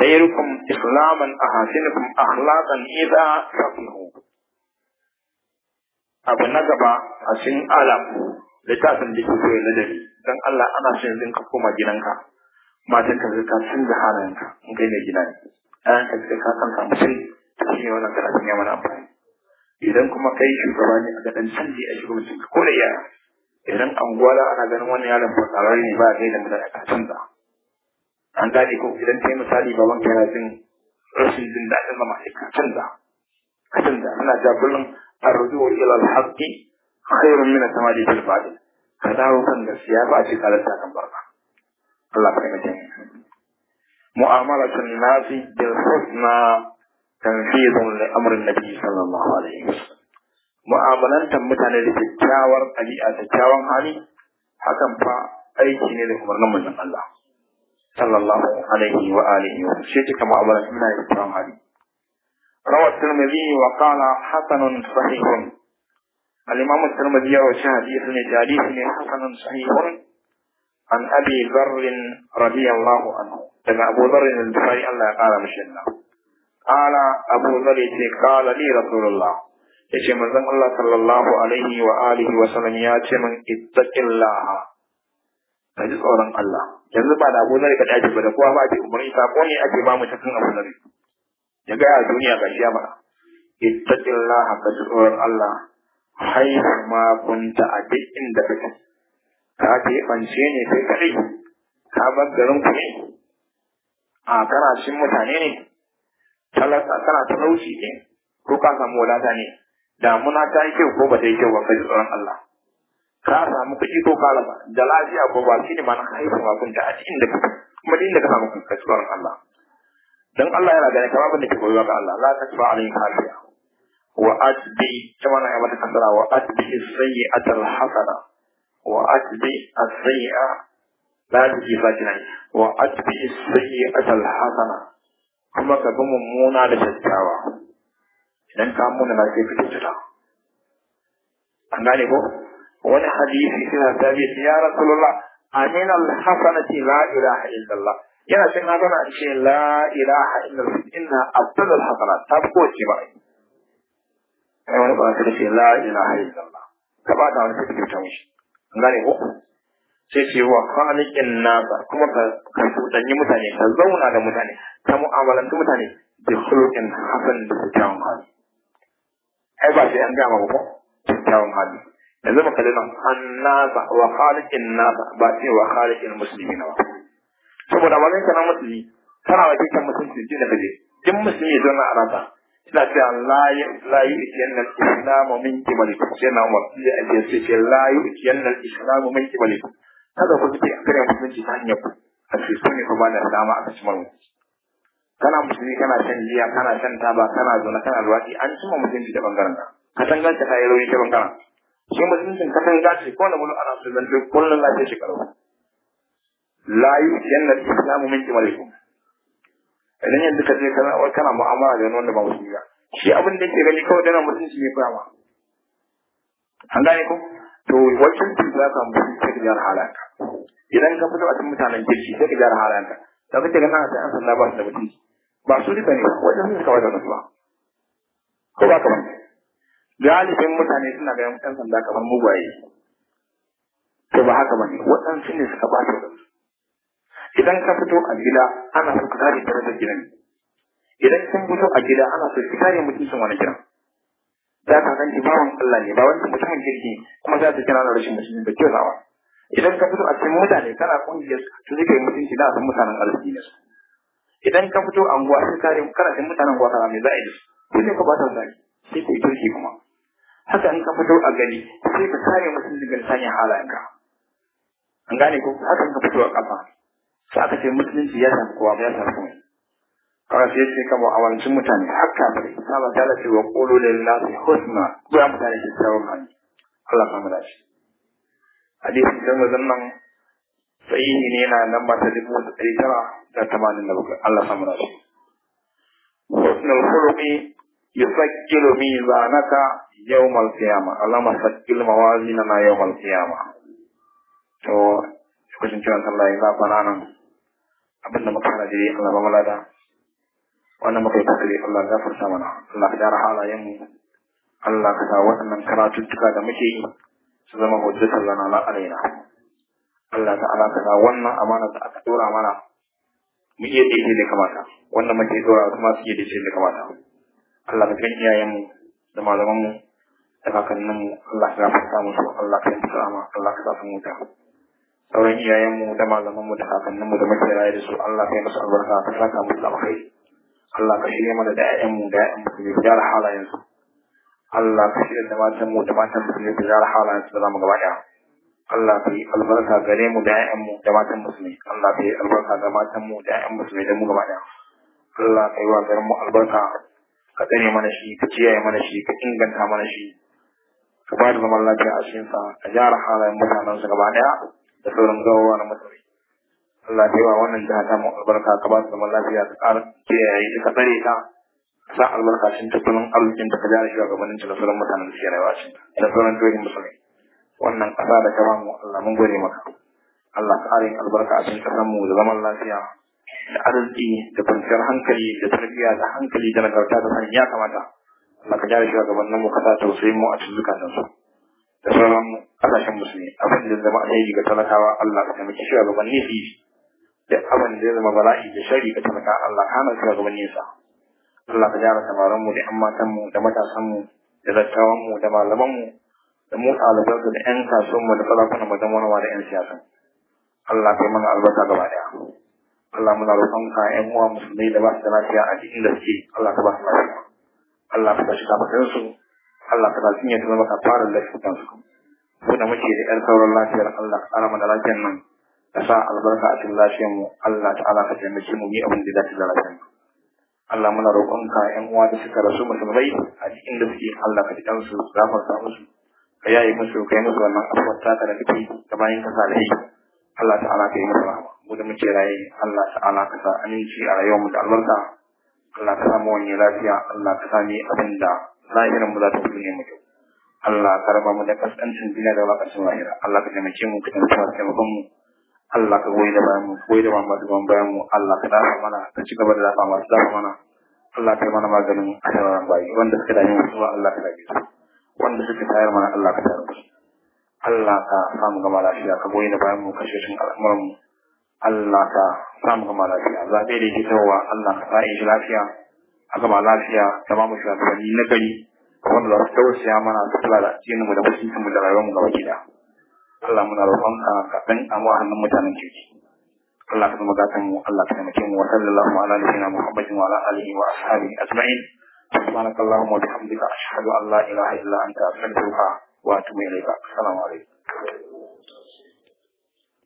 khairukum islaman ahasinukum akhlaqan idza tafihu abu na gaba a cikin alam littafin da kuke so ya dan Allah ana son yanzu ka koma gidanka matanka zai ka da halayenka in kai mai gida ne ɗayanka sai ka san ka mutum shi ne wannan karatun ya mana amfani idan kuma kai shugaba ne a gadan canji a shugabancin ka kore yara idan an da ana ganin wannan yaron ba ne ba a kai da mutane a canza an gane ko idan kai misali baban ka yana jin rashin jin daɗin zama a ka canza ka canza ana ja kullum arruju ila al-haqqi khairun min at-tamadi fil batil ka dawo kan gaskiya ba a ce kalar ta kan barka Allah ka yi mu'amalatun nasi bil husna تنفيذ لأمر النبي صلى الله عليه وسلم معاملان تمتان لتتاور أجي أتتاور هاني حكم فا أي شيء لهم من الله صلى الله عليه وآله وسلم شيء كما أمرت منا لتتاور هاني روى الترمذي وقال حسن صحيح الإمام الترمذي روى حديث من الحديث حسن صحيح عن أبي ذر رضي الله عنه أبو ذر البخاري الله قال مش الله ala abu zar ce kala ni rasulullah ya ce manzon Allah sallallahu alaihi wa alihi wa sallam ya ce min ittaqillah kaji ji tsoron Allah yanzu ba da abu zar ka dace ba da kowa ba ake umarni sako ne ake ba mu cikin abu zar ya ga a duniya ga shi ba ittaqillah ka ji tsoron Allah haihu ma kunta a duk inda kake ka keɓance ne kai kaɗai ka bar garin ku ne a karashin mutane ne talaka kana talauci ne ko ka samu wadata ne damuna ta yi kyau ko ba ta yi kyau ba kai tsoron Allah ka samu kuɗi ko ka raba da lafiya ko ba shi ne ma na haifa ma da a cikin da kuma din da ka samu kun kai tsoron Allah dan Allah yana ganin kamar abin da ke koyuwa ga Allah la tasfa alayhi hafiya wa atbi kamar na mata kasara wa atbi sayyi'ata a hasana wa atbi as-sayyi'a la tujifa jinai wa atbi as-sayyi'ata al kuma ka bi mummuna da kyakkyawa idan ka muna na sai fita cuta an gane ko wani hadisi suna na tabi ya rasulullah amin alhasanati la ilaha illallah yana cin hasana ce la ilaha illallah inna afdal alhasanat ta ko ce ba ai wani ba da ce la ilaha illallah ka ba ta wani sai fita mishi an gane ko sai ce wa ƙin nasa kuma ka ka danyi mutane ka zauna da mutane ka mu'amalanci mutane da khuluqin hasan da kyakkyawan hali ai ba sai an gama ba ko kyakkyawan hali yanzu ba kalli nan an nasa wa ƙin nasa ba sai wa musulmi na ba saboda zai kana musulmi kana wa dukkan musulmi jin da kaje duk musulmi ya zauna a rasa ina ce layi ya la yi yanna islamu min kibali sai na umar sai ake sai la yi nan islamu min kibali kada ku ji kare musulunci ta hanyar ku a ce su ne fa ba da dama a ci mu kana musulmi kana shan giya kana shan taba kana zuna kana ruwaki an cimma musulunci ta bangaren ka ka san ganta ta yi rauni ta bangaren shi musuluncin ka san gashi ko na mun ana su zan duk kullun lafiya shi karo la yusiyanna al-islamu min qibalikum idan yanzu ka je kana kana mu'amala da wanda ba musulmi ba shi abin da yake gani kawai dana mutunci ne fama an gane ko to wancan tun za ka mutu sai ka gyara halanka idan ka fito a cikin mutanen kirki sai ka gyara halanka da kake ganin an sai an sanna ba su da mutunci ba su rika ne wajen sun kawai da nasuwa ko ba ka ba galibin mutane suna ganin ɗan sanda kamar mugaye to ba haka ba ne waɗansu ne suka ba su da idan ka fito a gida ana so ka kare darajar gidan idan kin fito a gida ana so ka kare mutuncin wani gidan za ka san imamin Allah ne ba wani mutumin kirki kuma za ta kira na rashin mutunci da kyautawa idan ka fito a cikin mutane kana kungiyar su zai kai mutunci da san mutanen arziki ne idan ka fito anguwa sai kare kana da mutanen anguwa kana mai za'idi yi sai ne ka ba ta zaki sai ka yi kirki kuma haka in ka fito a gari sai ka kare musulmi daga sanya halayenka an gane ko haka in ka fito a kafa sai aka ce mutunci ya shafi kowa ba ya shafi mai kawai sai sai ka mu'amalci mutane haka bai Allah ta lafi wa qulu lil nasi husna ba mutane ke tsawon hanyar Allah ka mu dace hadisi dan wazan nan sahihi ne yana nan ba ta dubu da ɗari tara da tamanin da bakwai Allah ka mu dace husnul khuluqi يسجل ميزانك يوم القيامة اللهم سجل موازيننا يوم القيامة to lokacin kiran sallah ya zafa ranar abinda muka hana jiri Allah ba malada wannan muka yi takali Allah ya farsa mana Allah ya gyara halayen mu Allah ka sa waɗannan karatuttuka da muke yi su zama hujjatar lana na alaina Allah ta'ala ka sa wannan amana da aka dora mana mu iya daidai da kamata wannan muke dora kuma su iya daidai da kamata Allah ka kan iyayen mu da malaman mu da kakannin mu Allah ya gafarta musu Allah ka yi salama Allah ka sa su mutu sauran iyayen mu da malaman mu da kakannin mu da muke raye da su Allah ka yi musu albarka ka saka musu alkhairi Allah ka shirya mana da mu da ƴaƴan musulmi ka gyara halayensu Allah ka shirya da matan mu da matan musulmi ka gyara halayensu da zamu gaba ɗaya Allah ka yi albarka gare mu da ƴaƴan mu da matan musulmi Allah ka yi albarka ga matan mu da ƴaƴan musulmi da mu gaba ɗaya Allah ka yi wa garin mu albarka ka tsare mana shi ka kiyaye mana shi ka inganta mana shi ka ba da zaman lafiya a cikinsa ka gyara halayen mutanen mutanensa gaba ɗaya da sauran gawawa na mutane Allah ta yi wa wannan jiha ta albarka ka ba su zaman lafiya ka ƙara kiyaye ta tsare ta sa albarka cikin tattalin arzikin ta ka jara shi gabanin ta da sauran mutanen da suke rayuwa cikin da sauran doyin musulmi wannan ƙasa da ka ba mu Allah mun gode maka Allah ka ƙara albarka a cikin ƙasar mu da zaman lafiya da arziki da kwanciyar hankali da tarbiyya da hankali da nagarta da sanin ya kamata Allah ka jara shi gabanin mu ka sa tausayin mu a cikin zukatansu. da sauran ƙasashen musulmi abin da zama yi ga talakawa Allah ka taimaki shi a gaban su duk abin da zai zama bala'i da shari ka taimaka Allah ka hana su gaban nesa Allah ka gyara samarin mu da ƴan matan mu da matasan mu da dattawan mu da malaman mu da mu ɗaliban da ƴan kasuwan mu da sarakunan mu da manoma da ƴan siyasa Allah ka yi mana albarka gaba ɗaya. Allah muna roƙonka ƴan uwa musulmai da ba su da lafiya a cikin da suke Allah ka ba su lafiya Allah ka shiga bakin su Allah ka zalcinya ta zama fara da su kansu ko muke da ƴan sauran lafiyar Allah ka ƙara mana lafiyar nan ka sa albarka a cikin lafiyar mu Allah ta'ala ka taimake mu yi abin da zai da lafiya. Allah muna ka ƴan uwa da suka rasu musulmai a cikin da suke Allah ka su kansu gafarta musu ka yaye musu kai musu wannan abubuwan taka da kake ka bayan ka salai Allah ta'ala ka yi musu rahama mu da muke raye Allah ta'ala ka sa aminci a rayuwar mu da albarka Allah ka samu wani lafiya Allah ka sami abin da lahirin mu za ta fi ne mu Allah ka raba mu da kasancin duniya da wakancin lahira Allah ka taimake mu ka taimake mu Allah ka goyi da bayan mu goyi da mamadu ban bayan mu Allah ka dafa mana ka ci gaba da dafa mana dafa mana Allah ka yi mana maganin adawaran bayi wanda suka dame mu zuwa, Allah ka dafa wanda suka tayar mana Allah ka tayar musu Allah ka samu gama lafiya ka goyi da bayan mu ka shirin al'amuran mu Allah ka samu gama lafiya zaɓe da ke tawowa Allah ka sa shi lafiya a gama lafiya da ba mu shugabanni na gari wanda za su tausaya mana su kula da addinin mu da mutuncin mu da rayuwar mu gaba ki Allah muna roƙonka ah, ka san a hannun mutanen kirki Allah ka zama gatan mu Allah ka taimake mu wa sallallahu ala nabiyyina Muhammadin wa ala alihi wa ashabihi ajma'in subhanaka allahumma wa bihamdika ashhadu an la ilaha illa anta astaghfiruka wa atubu ilayka assalamu alaikum